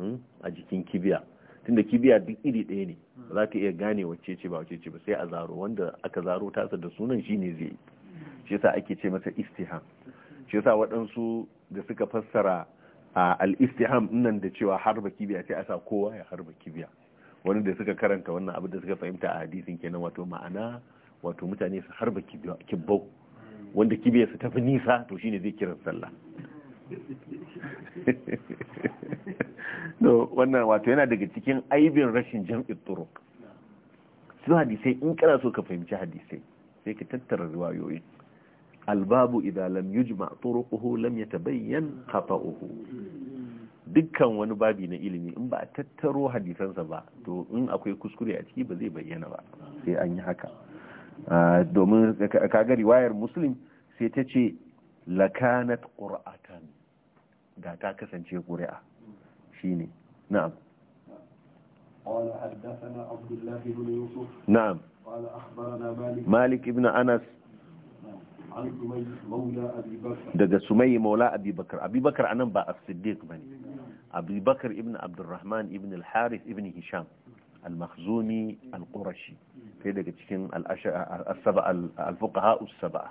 hmm? a jikin kibiya tunda kibiya duk iri ɗaya ne za ka iya gane wacce ce ba wacce ce ba sai a zaro wanda aka zaro tasa da sunan shine zai yi shi yasa ake ce masa istiham shi yasa waɗansu da suka fassara al-istiham nan da cewa harba kibiya sai a sa kowa ya harba kibiya wani da suka karanta wannan abu da suka fahimta a hadisin kenan wato ma'ana wato mutane su harba kibbau wanda kibiyarsa su tafi nisa to shine zai kiran sallah (laughs) wannan wato yana daga cikin aibin rashin jam'in turuk su hadisai in kana so ka fahimci hadisai sai ka tattara riwayoyi albabu idan lam yujma turuquhu lam yatabayyan khata'uhu dukkan wani babi na ilimi in ba a tattaro hadisansa ba to in akwai kuskure a ciki ba zai bayyana ba sai an yi haka domin kaga riwayar muslim sai ta ce lakanat ƙura'atan da ta kasance ƙuri'a shine na'am Na'am. Malik Ibn Anas daga sumayi maula abubakar abubakar anan ba a siddiq ba ne abubakar ibn abdurrahman ibn al-harith ibn hisham al-makhzumi al-qurashi sai daga cikin al-fuqaha us Saba'a.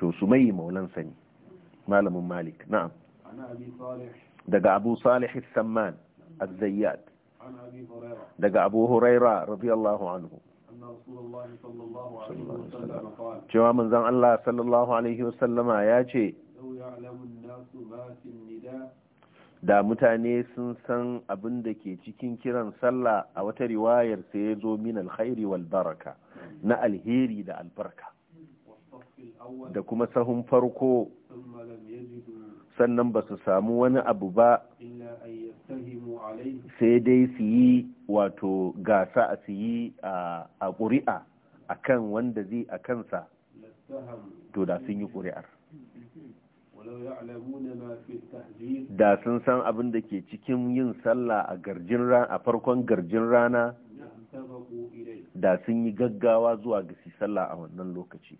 to sumayyi maulan sani malamin malik na'am daga abu salih as-samman az-zayyad daga abu huraira radiyallahu anhu cewa manzon Allah sallallahu alaihi wasallama ya ce da mutane sun san abin da ke cikin kiran sallah a wata riwayar sai ya zo min alkhairi wal baraka na alheri da albarka da kuma sahun farko sannan ba su samu wani abu ba sai dai su yi wato gasa a su yi a ƙuri'a a kan wanda zai a kansa to da sun yi ƙuri'ar da sun san abin da ke cikin yin sallah a garjin rana a farkon garjin rana da sun yi gaggawa zuwa ga su sallah a wannan lokaci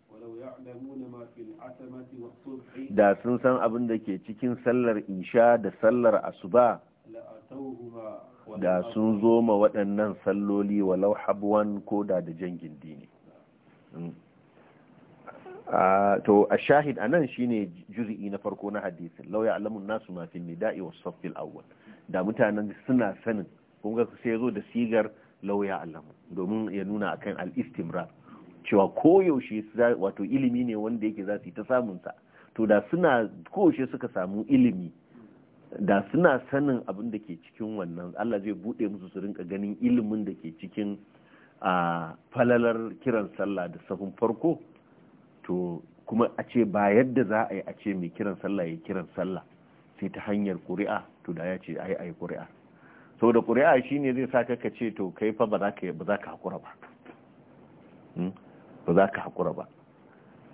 da sun san abin da ke cikin sallar isha da sallar asuba da sun zo ma waɗannan salloli walau habwan ko da da jan gindi ne mm. to a shahid anan shine juz'i na farko na lauya law an nasu ma fi nida'i was saffil awwal da mutanen suna sanin kun ga sai yazo da sigar law ya'lamu domin ya nuna akan al-istimrar cewa koyaushe wato ilimi ne wanda yake za su ta samun sa to da suna koyaushe suka samu ilimi da suna sanin abin da ke cikin wannan Allah zai bude musu su rinka ganin ilimin da ke cikin a falalar kiran sallah da safin farko to kuma a ce ba yadda za a yi a ce mai kiran sallah ya kiran sallah sai ta hanyar ƙuri'a to da ya ce a yi a yi ƙuri'a saboda ƙuri'a shine zai sa ka ce to kai fa ba za ka haƙura ba hmm? ba za ka haƙura ba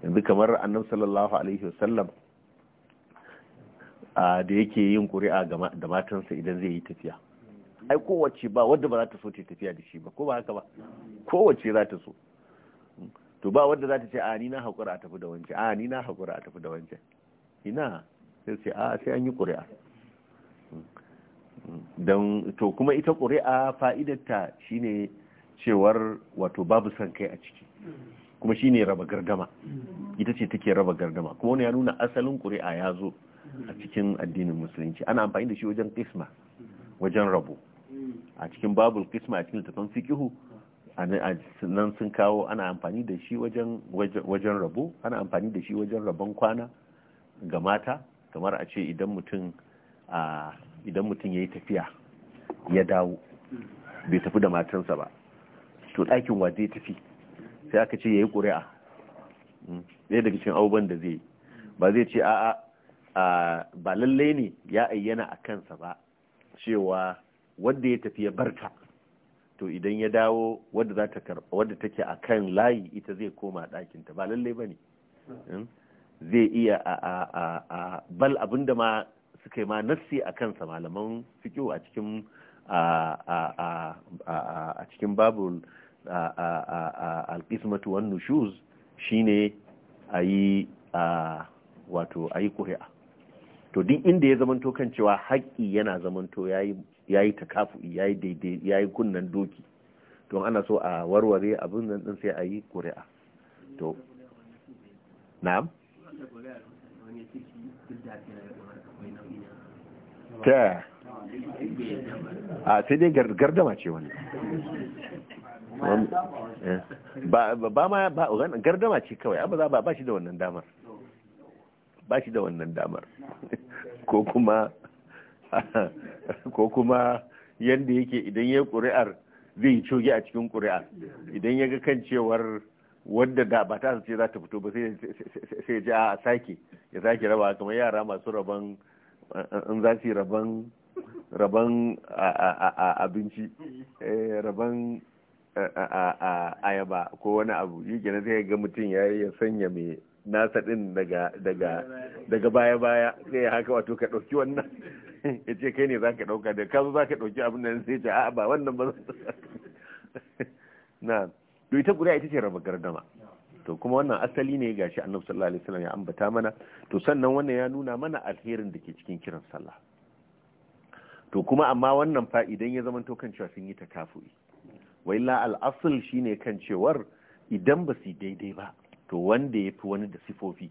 yanzu kamar annabi sallallahu alaihi wasallam da yake yin ƙuri'a da matansa idan zai yi tafiya ai kowace ba wadda ba za ta so ta tafiya da shi ba ko ba haka ba kowace za ta so to ba wanda za ta ce a ni na haƙura a tafi da wance a ni na haƙura a tafi da wance. ina sai ce a sai an yi ƙuri'a don to kuma ita ƙuri'a fa'idarta shine cewar wato babu son kai a ciki kuma shine raba gardama ita ce take raba gardama kuma wani ya nuna asalin ƙuri'a ya zo a cikin addinin musulunci ana amfani da shi wajen kisma wajen rabo a cikin babul kisma a cikin littafin fikihu nan sun kawo ana amfani da shi wajen rabo ana amfani da shi wajen rabon kwana ga mata kamar a ce idan mutum idan mutum ya yi tafiya ya dawo bai tafi da matansa ba to ɗakin wa zai tafi sai aka ce ya yi ƙuri'a hmm, ɗaya daga cikin abubuwan da zai ba zai ce a'a ba lallai ne ya ayyana a kansa ba cewa wanda ya tafi ya barta to idan ya dawo wadda za ta karba wadda take a kan layi ita zai koma ɗakinta ba lallai ba ne zai iya a bal abin da ma suka yi ma nassi a kansa malaman fikiyo a cikin a cikin babul alkismatu wan nushuz shine a yi wato a yi kuri'a to duk inda ya zamanto kan cewa haƙƙi yana zamanto ya yi ya yi kafu ya yi daidai ya yi kunnan doki to ana so a warware abin nan din sai a yi ƙuri'a to na'am ta a sai dai gardama ce wani eh, ba ma gardama ce kawai abu za ba shi da wannan damar ba shi da wannan damar (laughs) ko kuma (laughs) ko kuma yadda yake idan ya ƙuri'ar zai yi coge a cikin ƙuri'ar idan ya ga kan cewar wadda da ba ta ce za ta fito ba sai ji a sake ya sake raba kamar yara masu raban in za su yi raban abinci eh, raban ayaba ko wani abu yi gina zai ga mutum ya sanya mai nasa ɗin daga daga daga baya baya sai haka wato ka ɗauki wannan (laughs) ya ce kai ne za ka ɗauka da ka za ka ɗauki abin nan sai ce a'a ba wannan ba (laughs) na to ita guda ita ce raba gardama to kuma wannan asali ne gashi annabi sallallahu alaihi ya ambata mana to sannan wannan ya nuna mana alherin da ke cikin kiran sallah to kuma amma wannan fa idan ya zama to kan cewa sun yi takafu'i Wai illa al asl shine kan cewar idan ba su daidai ba to wanda ya fi wani da sifofi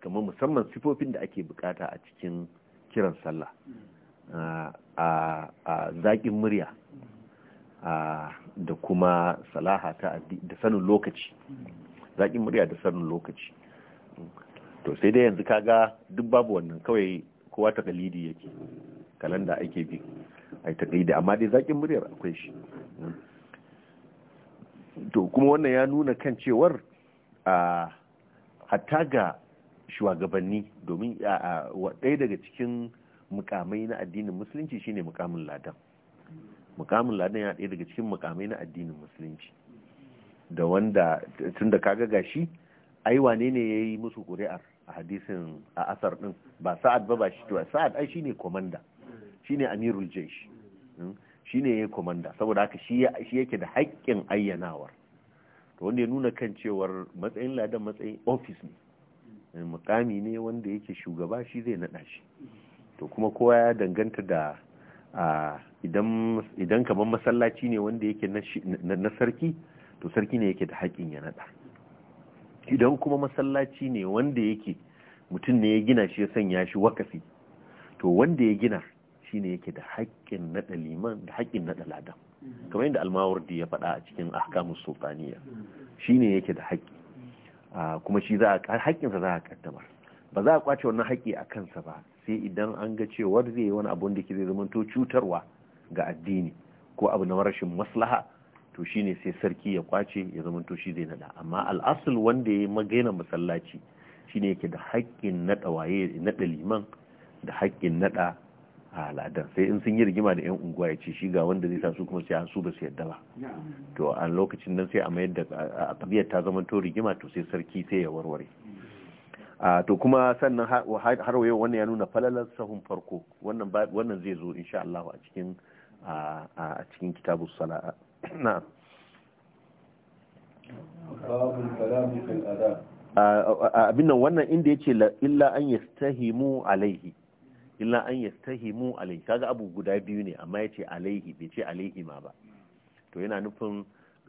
kamar musamman sifofin da ake bukata a cikin kiran sallah a zaƙin murya da kuma salaha ta da sanin lokaci zaƙin murya da sanin lokaci to sai dai yanzu kaga duk babu wannan kawai kowa ta kalidi yake kalanda ake bi ai ta da amma dai zaƙin muryar akwai shi to kuma wannan ya nuna kan cewar a hatta ga shugabanni domin ɗaya daga cikin mukamai na addinin musulunci shine mukamin ladan mukamin ladan ya ɗaya daga cikin mukamai na addinin musulunci da wanda tun da kaga gashi ai wane ne ya yi musu ƙuri'ar a hadisin a asar ɗin ba sa'ad ba ba shi to sa'ad ai shine komanda shine amirul jaish hmm? shine ya komanda saboda haka shi yake da haƙƙin ayyanawar to wanda ya nuna kan cewar matsayin ladan matsayin ofis ne eh, mukami ne wanda yake shugaba shi zai naɗa shi to kuma kowa ya danganta da idan kamar masallaci ne wanda yake na sarki to sarki ne yake da haƙin ya naɗa idan kuma masallaci ne wanda yake mutum ne ya gina shi ya sanya shi wakafi to wanda ya gina shi ne yake da haƙƙin naɗa liman da haƙƙin naɗa ladan kamar yadda almawardi ya faɗa a cikin ahkamus sultaniya ne yake da haƙƙi kuma shi za a haƙƙinsa za a kaddamar ba za a kwace wannan haƙƙi a kansa ba sai idan an ga cewar zai yi wani abun da ke zai zamanto cutarwa ga addini ko abu na rashin maslaha to shi ne sai sarki ya kwace ya zamanto shi zai naɗa amma al'asul wanda ya yi magana masallaci shi ne yake da haƙƙin naɗa waye naɗa liman da haƙƙin naɗa. a al'adar sai in sun yi rigima da 'yan unguwa ya ce shi ga wanda zai sa su kuma sai su ba su yadda ba to a lokacin nan sai a mayar da a tabiyar ta zama to rigima to sai sarki sai ya warware a to kuma sannan har wayo wannan ya nuna falalar sahun farko wannan zai zo insha Allah a cikin a cikin kitabu sala'a na. abin nan wannan inda yace illa an yastahimu alaihi illa an yastahimu alayhi kaga abu guda biyu ne amma yace alayhi bai ce alayhi ma ba to yana nufin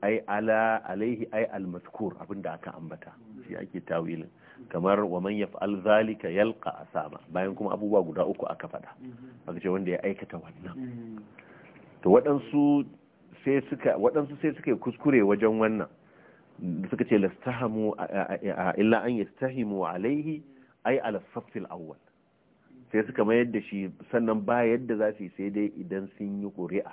ai ala alayhi ai almazkur abinda aka ambata shi ake tawilin kamar wa man yaf'al zalika yalqa asama bayan kuma abubuwa guda uku aka faɗa aka ce wanda ya aikata wannan to waɗansu sai suka waɗansu sai suka kuskure wajen wannan suka ce lastahamu illa an yastahimu alaihi ai ala safil awwal sai suka mayar da shi sannan ba yadda za su yi sai dai idan sun yi ƙuri'a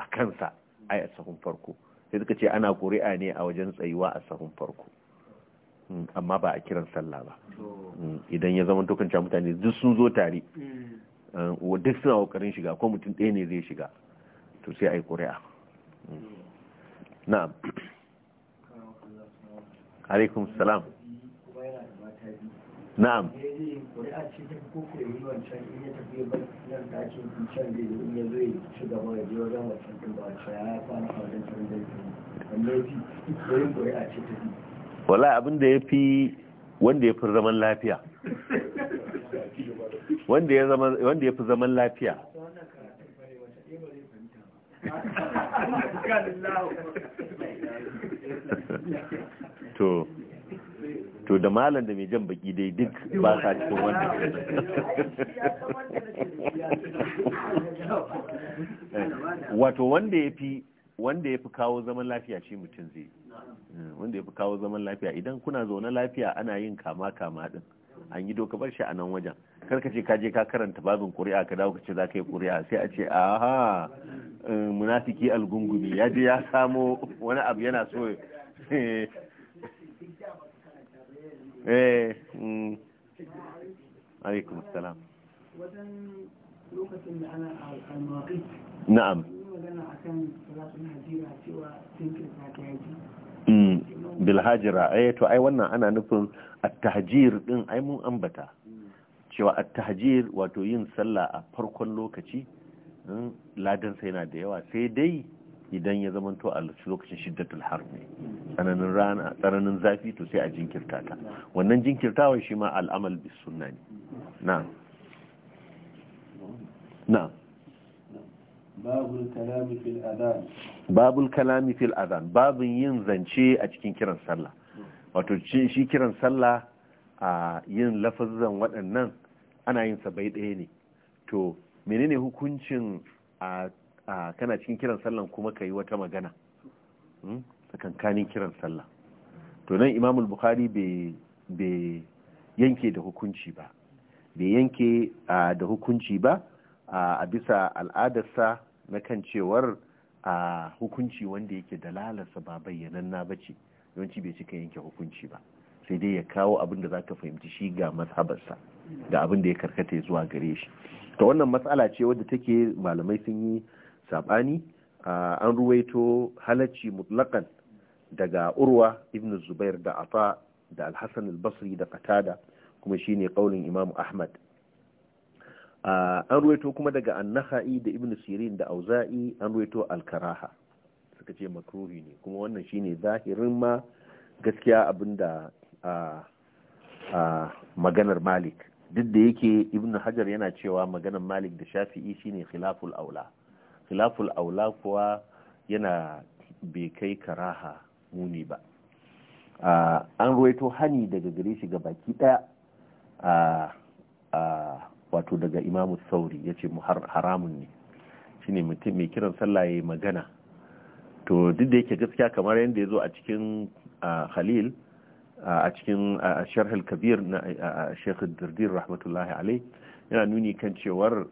a kansa a a sahun farko sai suka ce ana ƙuri'a ne a wajen tsayuwa a sahun farko hmm, amma ba a kiran sallah ba hmm, idan ya zama tukunca mutane duk sun zo tare hmm. duk suna ƙoƙarin shiga ko mutum ɗaya ne zai shiga to sai a yi ƙuri'a na'am alaikum salam na'am wala abin da ya fi wanda ya fi zaman lafiya wanda ya fi zaman lafiya (laughs) to to da malam da mai jan baki dai duk ba sa cikin wannan wato wanda ya fi wanda ya fi kawo zaman lafiya shi mutum zai wanda ya fi kawo zaman lafiya idan kuna zaune lafiya ana yin kama kama din an yi doka bar shi a nan wajen karka ce ka je ka karanta babin ƙuri'a ka dawo ka ce za ka yi ƙuri'a sai a ce aha eh, munafiki algungumi ya je ya samo wani abu yana so ايه eh, mm. alaikum salam na'am ta mm. eh, wannan ana nufin at-tahjir din ai mun ambata cewa at wato yin sallah a farkon lokaci mm, ladan sai yana da yawa sai dai idan ya zama to a lokacin shiddatul harbi tsananin rana tsananin zafi to sai a jinkirta ta wannan jinkirtawa shi ma al'amal bis sunna ne na. na babul kalami fil adhan babul kalami fil adhan babun yin zance a cikin kiran sallah wato shi kiran sallah a yin lafazan waɗannan ana yin sa bai ɗaya ne to menene hukuncin a kana cikin kiran sallan kuma ka yi wata magana hmm? tsakankanin kiran sallah to nan imamul bukhari bai yanke da hukunci ba bai yanke da hukunci ba a bisa al'adarsa na kan cewar a hukunci wanda yake dalalarsa ba bayyananna ba ce yawanci bai cika yanke hukunci ba sai dai ya kawo abin da zaka fahimci shi ga mazhabarsa da abin da ya karkata zuwa gare shi to wannan matsala ce wadda take malamai sun yi Sabani an ruwaito halacci mutlakan daga urwa ibn zubair da afa da alhassan albasri da katada kuma shine kaulin Imam ahmad an ruwaito kuma daga annaha'i da ibn sirin da auza'i an ruwaito alkaraha suka ce makruhi ne kuma wannan shine zahirin ma gaskiya abinda maganar malik duk da yake ibn hajar yana cewa maganar malik da shafi'i shine khilaful aula khilaful aula kuwa yana bai kai karaha muni ba an ruwaito hani daga gare shi ga baki daya wato daga imamu sauri ya ce haramun ne shine mutum mai kiran sallaye magana to duk da yake gaskiya kamar yadda ya zo a cikin khalil a cikin sharhal kabir na shekh dirdir rahmatullahi alai yana nuni kan cewar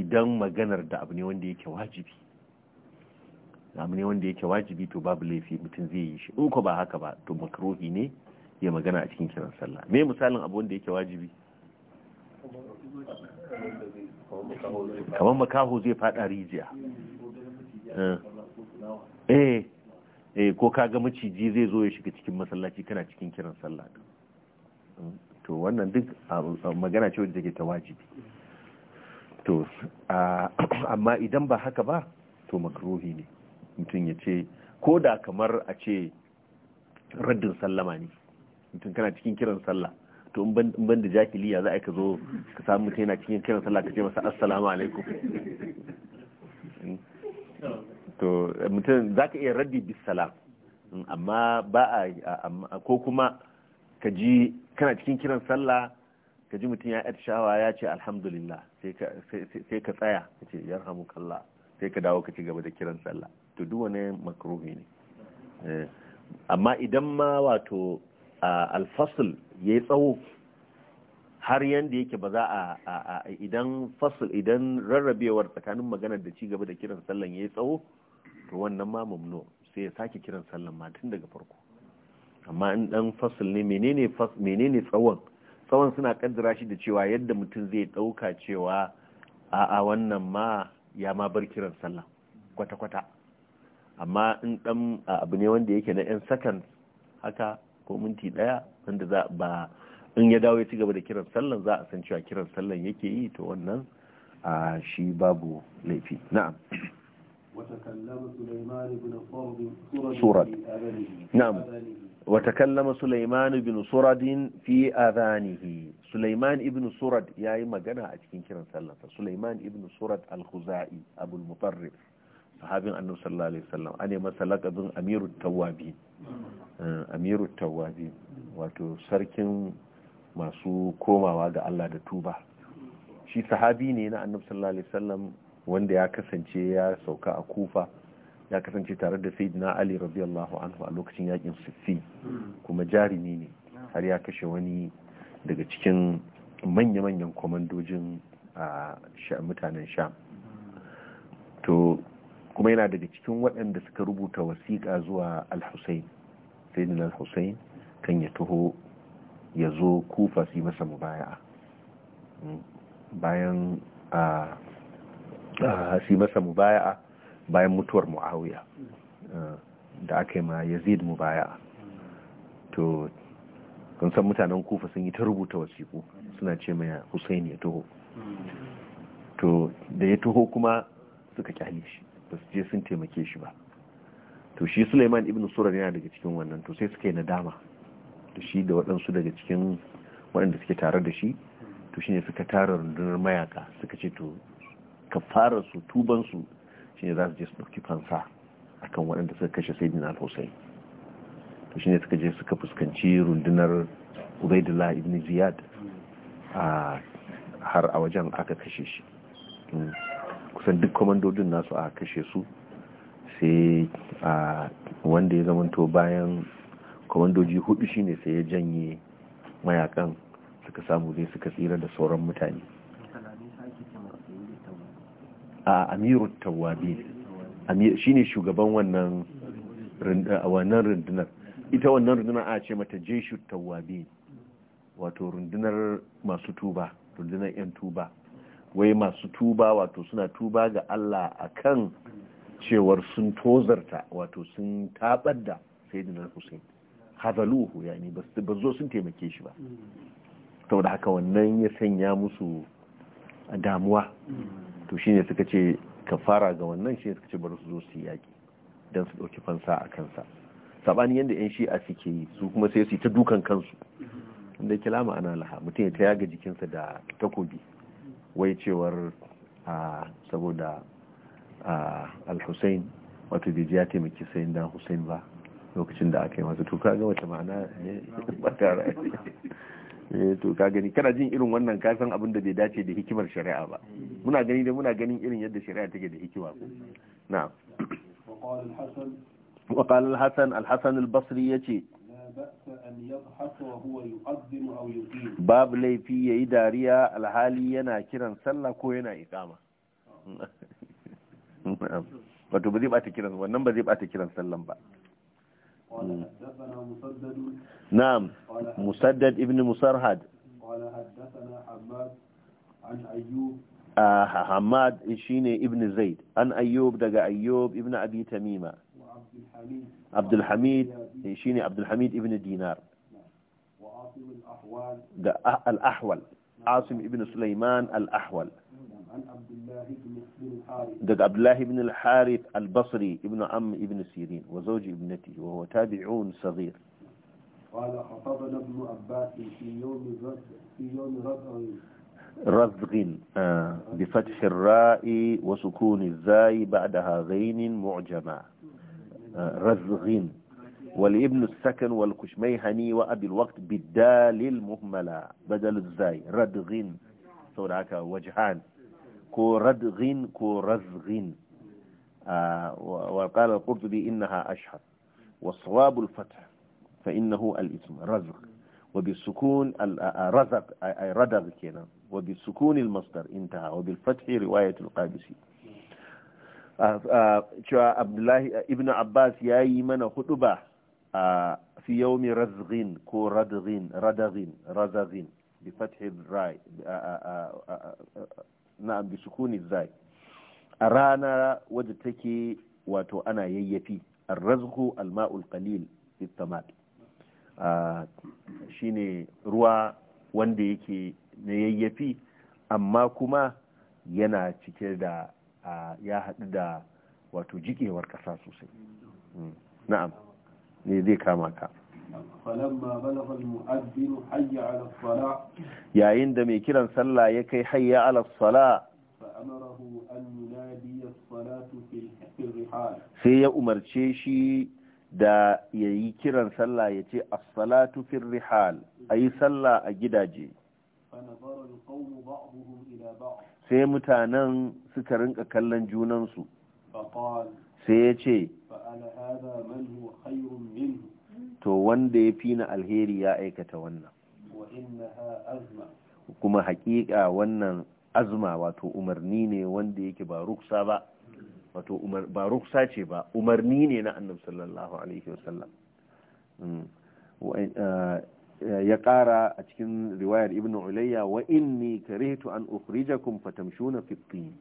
idan maganar da abu ne wanda yake wajibi abu ne wanda yake wajibi to babu laifi mutum zai yi shi uku ba haka ba to makarohi ne ya magana a cikin kiran sallah me misalin abu wanda yake wajibi kamar makaho zai fada rijiya eh eh, eh ko kaga maciji zai zo ya shiga cikin masallaci kana cikin kiran sallah hmm. to wannan duk ah, magana ce wanda take ta wajibi to (coughs) amma idan ba haka ba to makruhi ne mutum ya ce ko da kamar a ce raddin sallama ne mutum kana cikin kiran sallah to in ban da jakiliya za a ka zo ka samu mutum yana cikin kiran sallah ka ce masa assalamu alaikum (laughs) to mutum za ka iya raddi bis salam amma ba a ko kuma ka ji kana cikin kiran sallah ka ji mutum ya atishawa ya ce alhamdulillah sai ka tsaya ka ce sai ka dawo ka ci gaba da kiran sallah to duk wani makruhi ne eh, amma idan ma wato alfasul ya yi tsawo har yanda yake ba za a idan fasul idan rarrabewar tsakanin maganar da ci gaba da kiran sallan ya yi tsawo to wannan ma mumno sai ya sake kiran sallan ma tun daga farko amma in dan fasul ne menene tsawon tsawon suna kaddara shi da cewa yadda mutum zai ɗauka cewa a a wannan ma ya ma bar kiran sallah kwata-kwata amma in ɗan abu ne wanda yake na 'yan sakan haka ko minti ɗaya wanda za ba in ya dawo ya ci gaba da kiran sallan za a san cewa kiran sallan yake yi to wannan a shi babu laifi na'am وتكلم سليمان بن صرد نعم وتكلم سليمان بن سرد في اذانه سليمان ابن سرد يا إما جنا أتكين كرا سلطة سليمان ابن سرد الخزاعي ابو المطرف صحابي أنه صلى الله عليه وسلم أنا مثلا قدن أمير التوابين أمير التوابين wato sarkin masu komawa ga Allah da tuba shi sahabi ne na annabi sallallahu alaihi wasallam wanda ya kasance ya sauka a kufa ya kasance tare da sayyidina ali radiyallahu anhu a lokacin yakin siffi kuma jarumi ne har ya kashe wani daga cikin manya-manyan kwamandojin a mutanen sha. to kuma yana daga cikin waɗanda suka rubuta wasiƙa zuwa al-hussein sayyidina al-hussein kan ya taho ya zo kufa su yi masa mubaya'a bayan a su yi masa mubaya'a bayan mutuwar muawiya eh, da aka yi ma yazid mu baya to kun san mutanen kufa sun yi ta rubuta wasiku suna ce mai hussein ya tuho to da ya tuho kuma suka kyale shi ba su je sun taimake shi ba to shi suleiman ibn surar yana daga cikin wannan to sai suka yi nadama da shi da waɗansu daga cikin waɗanda suke tare da shi to shine suka tara rundunar mayaka suka ce to ka fara su tuban su ne za su je su ɗauki fansa a kan waɗanda suka kashe sayyidina al-husayn to shine suka je suka fuskanci rundunar ubaidula ibn ziyad a har a wajen aka kashe shi hmm. kusan duk kwamandodin nasu a kashe su sai a wanda ya zamanto bayan kwamandoji hudu shi ne sai ya janye mayakan suka samu zai suka tsira da sauran mutane a amirul tawabi ne shugaban wannan rundunar ita wannan rundunar a ce mata jeshu tawabi wato rundunar masu tuba rundunar yan tuba wai masu tuba wato suna tuba ga Allah akan cewar sun tozarta wato sun tabar da sayyidina Hussein hazaluhu ne ba zo sun taimake shi ba da haka wannan ya sanya musu damuwa to shi ne suka ce ka fara ga wannan shi, ne suka ce bari su zo su yaki don su dauki fansa a kansa sabani yadda yan shi'a suke yi su kuma sai su ta dukan kansu inda kila ma'ana laha mutum ya ta yaga jikinsa da takobi wai cewar a saboda al-Hussein wato bai ya taimaki sayin dan Hussein ba lokacin da aka yi masa tuka ga wata ma'ana (laughs) ba tare Eh, to ka gani kana jin irin wannan ka san abin da bai dace da hikimar shari'a ba muna gani da muna ganin irin yadda shari'a take da hikima ko na'am wa qala al-hasan al-hasan al-basri yace babu laifi yayi dariya alhali yana kiran sallah ko yana iqama (laughs) wato ba zai bata kiran wannan ba zai kiran sallan ba قال حدثنا مسدد نعم مسدد ابن مسرهد قال حدثنا حماد عن أيوب آه حماد شيني ابن زيد عن أيوب دقى أيوب ابن أبي تميمة وعبد الحميد عبد الحميد شيني عبد الحميد ابن دينار وعاصم الأحوال الأحول عاصم ابن سليمان الأحول عن عبد الله بن الحارث عبد الله بن الحارث البصري ابن عم ابن سيرين وزوج ابنته وهو تابعون صغير قال خطبنا ابن عباس في يوم رزق في يوم رزق رزق آه، بفتح الراء وسكون الزاي بعدها غين معجمة آه، رزق والابن السكن والكشميهني وأبي الوقت بالدال المهملة بدل الزاي ردغين سورة وجهان كردغ كرزغ آه وقال القرطبي إنها أشهر والصواب الفتح فإنه الاسم رزغ وبالسكون آه، آه، رزق أي ردغ كنا وبالسكون المصدر انتهى وبالفتح رواية القادسي cewa abdullahi ibn abbas ya yi mana huduba a fi yaumi razghin ko radghin radaghin razaghin na bisukuni zai a rana wadda take wato ana yayyafi arzuku alma'ul qalil ittamat shine ruwa wanda yake na yayyafi amma kuma yana cike da ya haɗu da wato jikewar ƙasa sosai hmm. na'am ne zai kama ka yayin da mai kiran sallah ya kai hayya ala sala sai ya umarce shi da ya yi kiran sallah ya ce as fil rihal yi sallah a gidaje sai mutanen suka rinka kallon junansu sai ya ce to wanda ya fi na alheri ya aikata wannan kuma haƙiƙa wannan azma wato umarni ne wanda yake ba ruksa ba wato ba ruksa ce ba umarni ne na annabu sallallahu alaihi wasallam mm. eh, ya ƙara a cikin riwayar ibn ulayya wa inni karihtu an ukhrijakum fatamshuna fi tin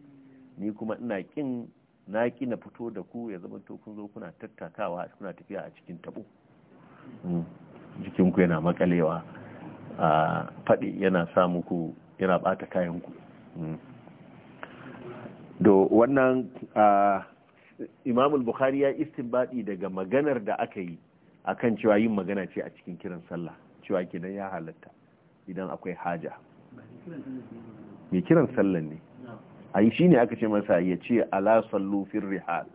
ni kuma ina kin na ki na fito da ku ya zama to kun zo kuna tattakawa kuna tafiya a cikin tabo Mm. jikinku yana makalewa a faɗi yana samu ku yana ɓata kayanku do mm. wannan imamul bukhari ya istinbadi daga maganar da aka yi akan cewa yin magana ce a cikin kiran sallah cewa kidan ya halatta idan akwai haja mai kiran sallar ne a yi shi ne aka ce masa ya ce ala sallu rihal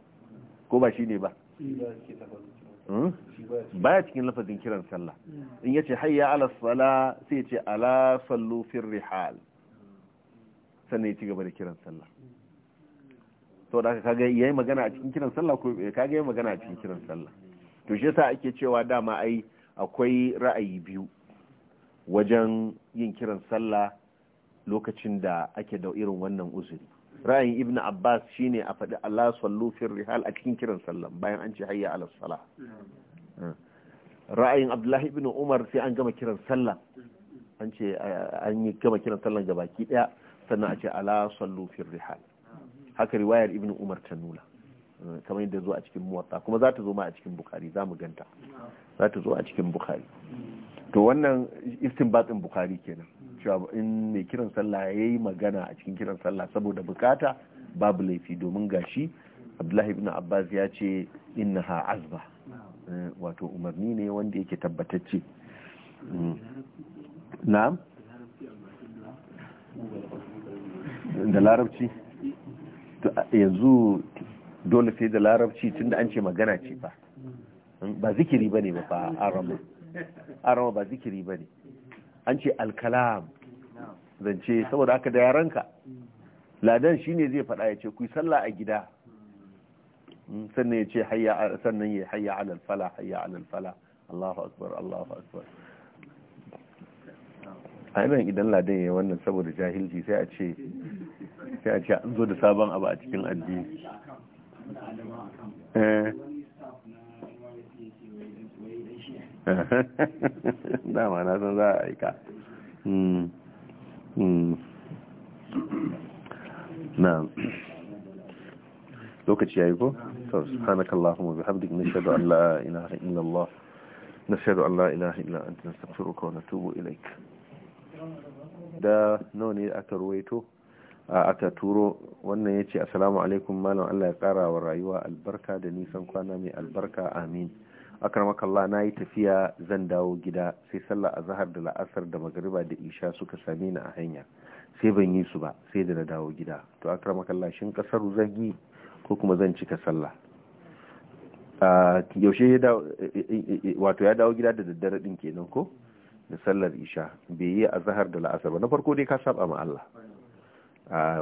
ko ba shi ne ba Hmm? baya cikin lafazin kiran sallah hmm. in yace hayya ala sala sai yace ala sallu rihal sannan ya ci gaba da kiran sallah to da kaga yayi magana a cikin kiran sallah ko eh, kaga yayi magana a cikin kiran sallah to shi yasa ake cewa dama ai akwai ra'ayi biyu wajen yin kiran sallah lokacin da ake da irin wannan uzuri ra'ayin ibn abbas shine a faɗi allah sallu fi rihal a cikin kiran sallan bayan an ce hayya ala sala ra'ayin abdullahi ibn umar sai an gama kiran sallah an ce eh, an yi gama kiran sallan ga baki daya sannan a ce ala sallu fi rihal haka riwayar ibn umar ta nuna kamar yadda zo a cikin muwatta kuma za ta zo ma a cikin bukhari za mu ganta za ta zo a cikin bukhari to wannan istinbatin bukhari kenan cewa in mai kiran sallah ya yi magana a cikin kiran sallah saboda bukata babu laifi domin gashi abdullahi ibn abbas ya ce innaha azba eh, wato umarni ne wanda yake tabbatacce hmm. na'am da larabci yanzu dole sai da larabci tunda an ce magana ce ba hmm, ba zikiri ba ne ba a arama ba zikiri ba ne an ce alkalam zance saboda aka da yaranka ladan shine zai faɗa ya ce ku yi sallah a gida mm, sannan ya ce sannan ya hayya alal fala hayya alal fala Allahu akbar Allahu akbar nan idan ladan ya yi wannan saboda jahilci sai a ce sai a ce an zo da sabon abu a cikin addini eh. (laughs) dama na san za a aika hmm. hmm. na lokaci ya yi ko? subhanakallahumma bihamdik nashhadu bi la ilaha shaɗu Allah نشهد أن لا إله إلا أنت نستغفرك tubu إليك da nawa ne aka ruwaito a aka turo wannan ya ce assalamu alaikum malam Allah ya kara wa rayuwa albarka da nisan kwana mai albarka amin akramakallah na yi tafiya zan dawo gida sai sallah a zahar da la'asar da magariba da isha suka same ni a hanya sai ban yi su ba sai da na dawo gida to akramakallah shin kasar zan yi ko kuma zan cika sallah yaushe ya dawo e, e, e, wato ya dawo gida da daddare din kenan ko da sallar isha bai yi a zahar da la'asar ba na farko dai ka saba ma Allah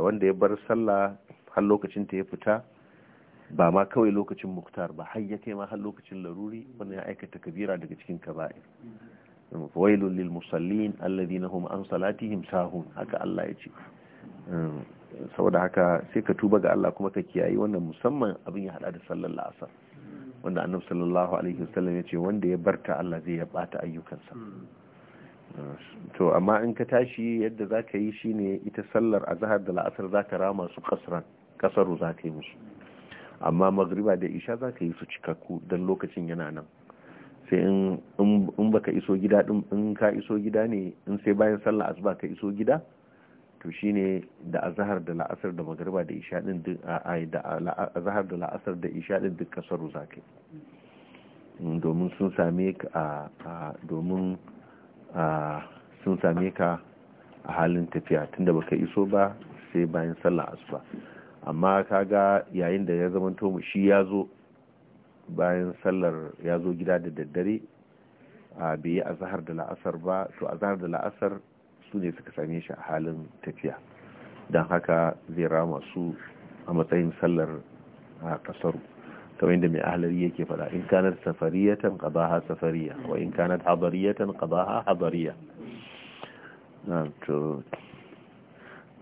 wanda ya bar sallah har lokacin ta ya fita ba ma kawai lokacin muktar ba har ya kai ma har lokacin laruri wannan ya aikata kabira daga cikin kaba'ir wailul lil musallin alladhina hum an salatihim sahun haka Allah ya ce uhm, saboda haka sai ka tuba ga Allah kuma ka kiyaye wannan musamman abin ya hada da sallar la'asar wanda annabi sallallahu alaihi wasallam ya ce wanda ya barta Allah zai ya bata ayyukansa uhm, to amma in ka tashi yadda za ka yi shine ita sallar azhar da la'asar zaka rama su kasran kasaru zaka yi musu amma magriba da isha za ka yi su cikakku don lokacin yana nan sai in baka iso gida in ka iso gida ne in sai bayan sallah asuba ka iso gida to shine da azhar da la'asar da magriba da isha din da azhar da la'asar da isha din duk kasaru zakai mm, domin sun same ka a domin sun same ka a halin tafiya tunda baka iso ba sai bayan sallah asuba amma ka kaga yayin da ya zamanto mu shi ya zo bayan sallar ya zo gida da daddare a bai yi zahar da la'asar ba to a zahar da la'asar su ne suka same shi a halin tafiya don haka zai rama su a matsayin sallar a kasar kamar yadda mai ahalari yake fada in kanar safariyatan qabaha safariya wa in kanar habariyatan qabaha habariya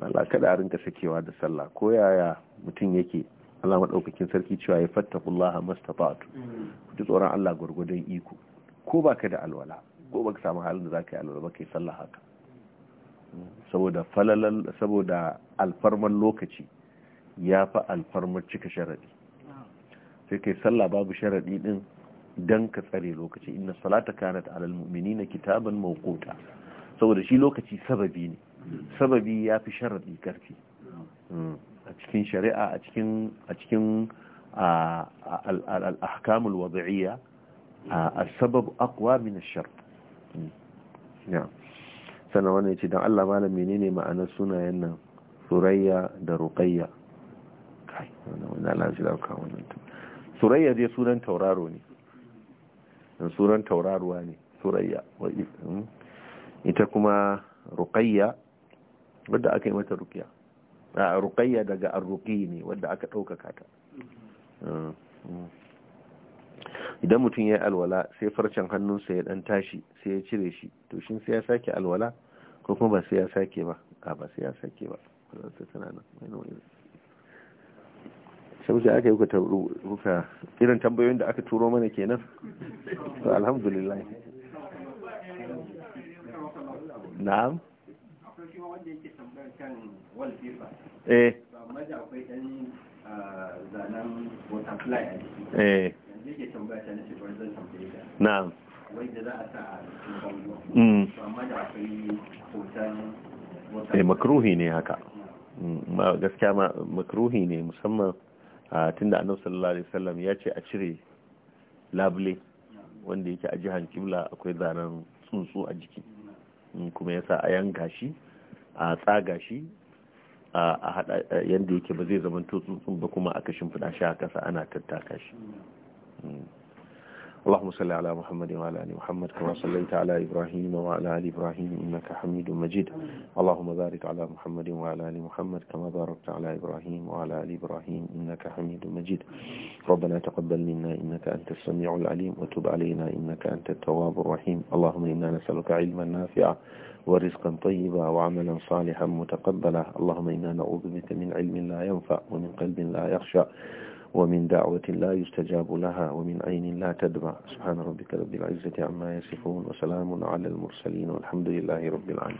Allah da rinka sakewa da sallah ko yaya mutum yake Allah madaukakin sarki cewa ya fattakullaha mastata'tu ku ji tsoron Allah gwargwadon iko ko baka da alwala ko baka samu halin da zaka yi alwala baka yi sallah haka saboda falalal saboda alfarman lokaci ya fa alfarman cika sharadi sai kai sallah babu sharadi din dan ka tsare lokaci inna salata kanat alal mu'minina kitaban mawquta saboda shi lokaci sababi ne sababi ya fi sharaɗi ƙarfi mm. a cikin shari'a a cikin a cikin A sababu akwa sabab aqwa min ash-shart mm. sannan wannan yace dan Allah malam ne ma'anar sunayen nan surayya da ruqayya kai wannan dauka wannan surayya dai sunan tauraro ne Suran tauraruwa ne surayya mm. ita kuma ruqayya wadda aka yi mata rukiya a rukayya daga arruki ne wadda aka ɗaukaka ta mm. idan mutum ya yi alwala sai farcen hannunsa ya dan tashi sai ya cire shi to shi sai ya sake alwala ko kuma ba sai ya sake ba a ba sai ya sake ba kwanansa tana nan sai aka yi kuka irin tambayoyin da aka turo mana kenan alhamdulillah na'am wanda eh, ah, eh. tambaya ta shi zan za a sa a cikin mm amma da akwai hoton eh makruhi ne haka mm, gaskiya ma makruhi ne musamman a ah, tunda annabi sallallahu alaihi wasallam ya ce a cire labule wanda yake a jihar kibla akwai zanen tsuntsu a jiki mm. Mm, kuma yasa a yanka shi a tsaga shi a hada yadda yake ba zai zama tsuntsun ba kuma aka shimfiɗa shi a ƙasa ana tattaka shi اللهم صل على محمد وعلى آل محمد كما صليت على إبراهيم وعلى آل إبراهيم إنك حميد مجيد اللهم بارك على محمد وعلى آل محمد كما باركت على إبراهيم وعلى آل إبراهيم إنك حميد مجيد ربنا تقبل منا إنك أنت السميع العليم وتب علينا إنك أنت التواب الرحيم اللهم إنا نسألك علما نافعا ورزقا طيبا وعملا صالحا متقبلا اللهم إنا نعوذ بك من علم لا ينفع ومن قلب لا يخشع ومن دعوة لا يستجاب لها ومن عين لا تدمع سبحان ربك رب العزة عما يصفون وسلام على المرسلين والحمد لله رب العالمين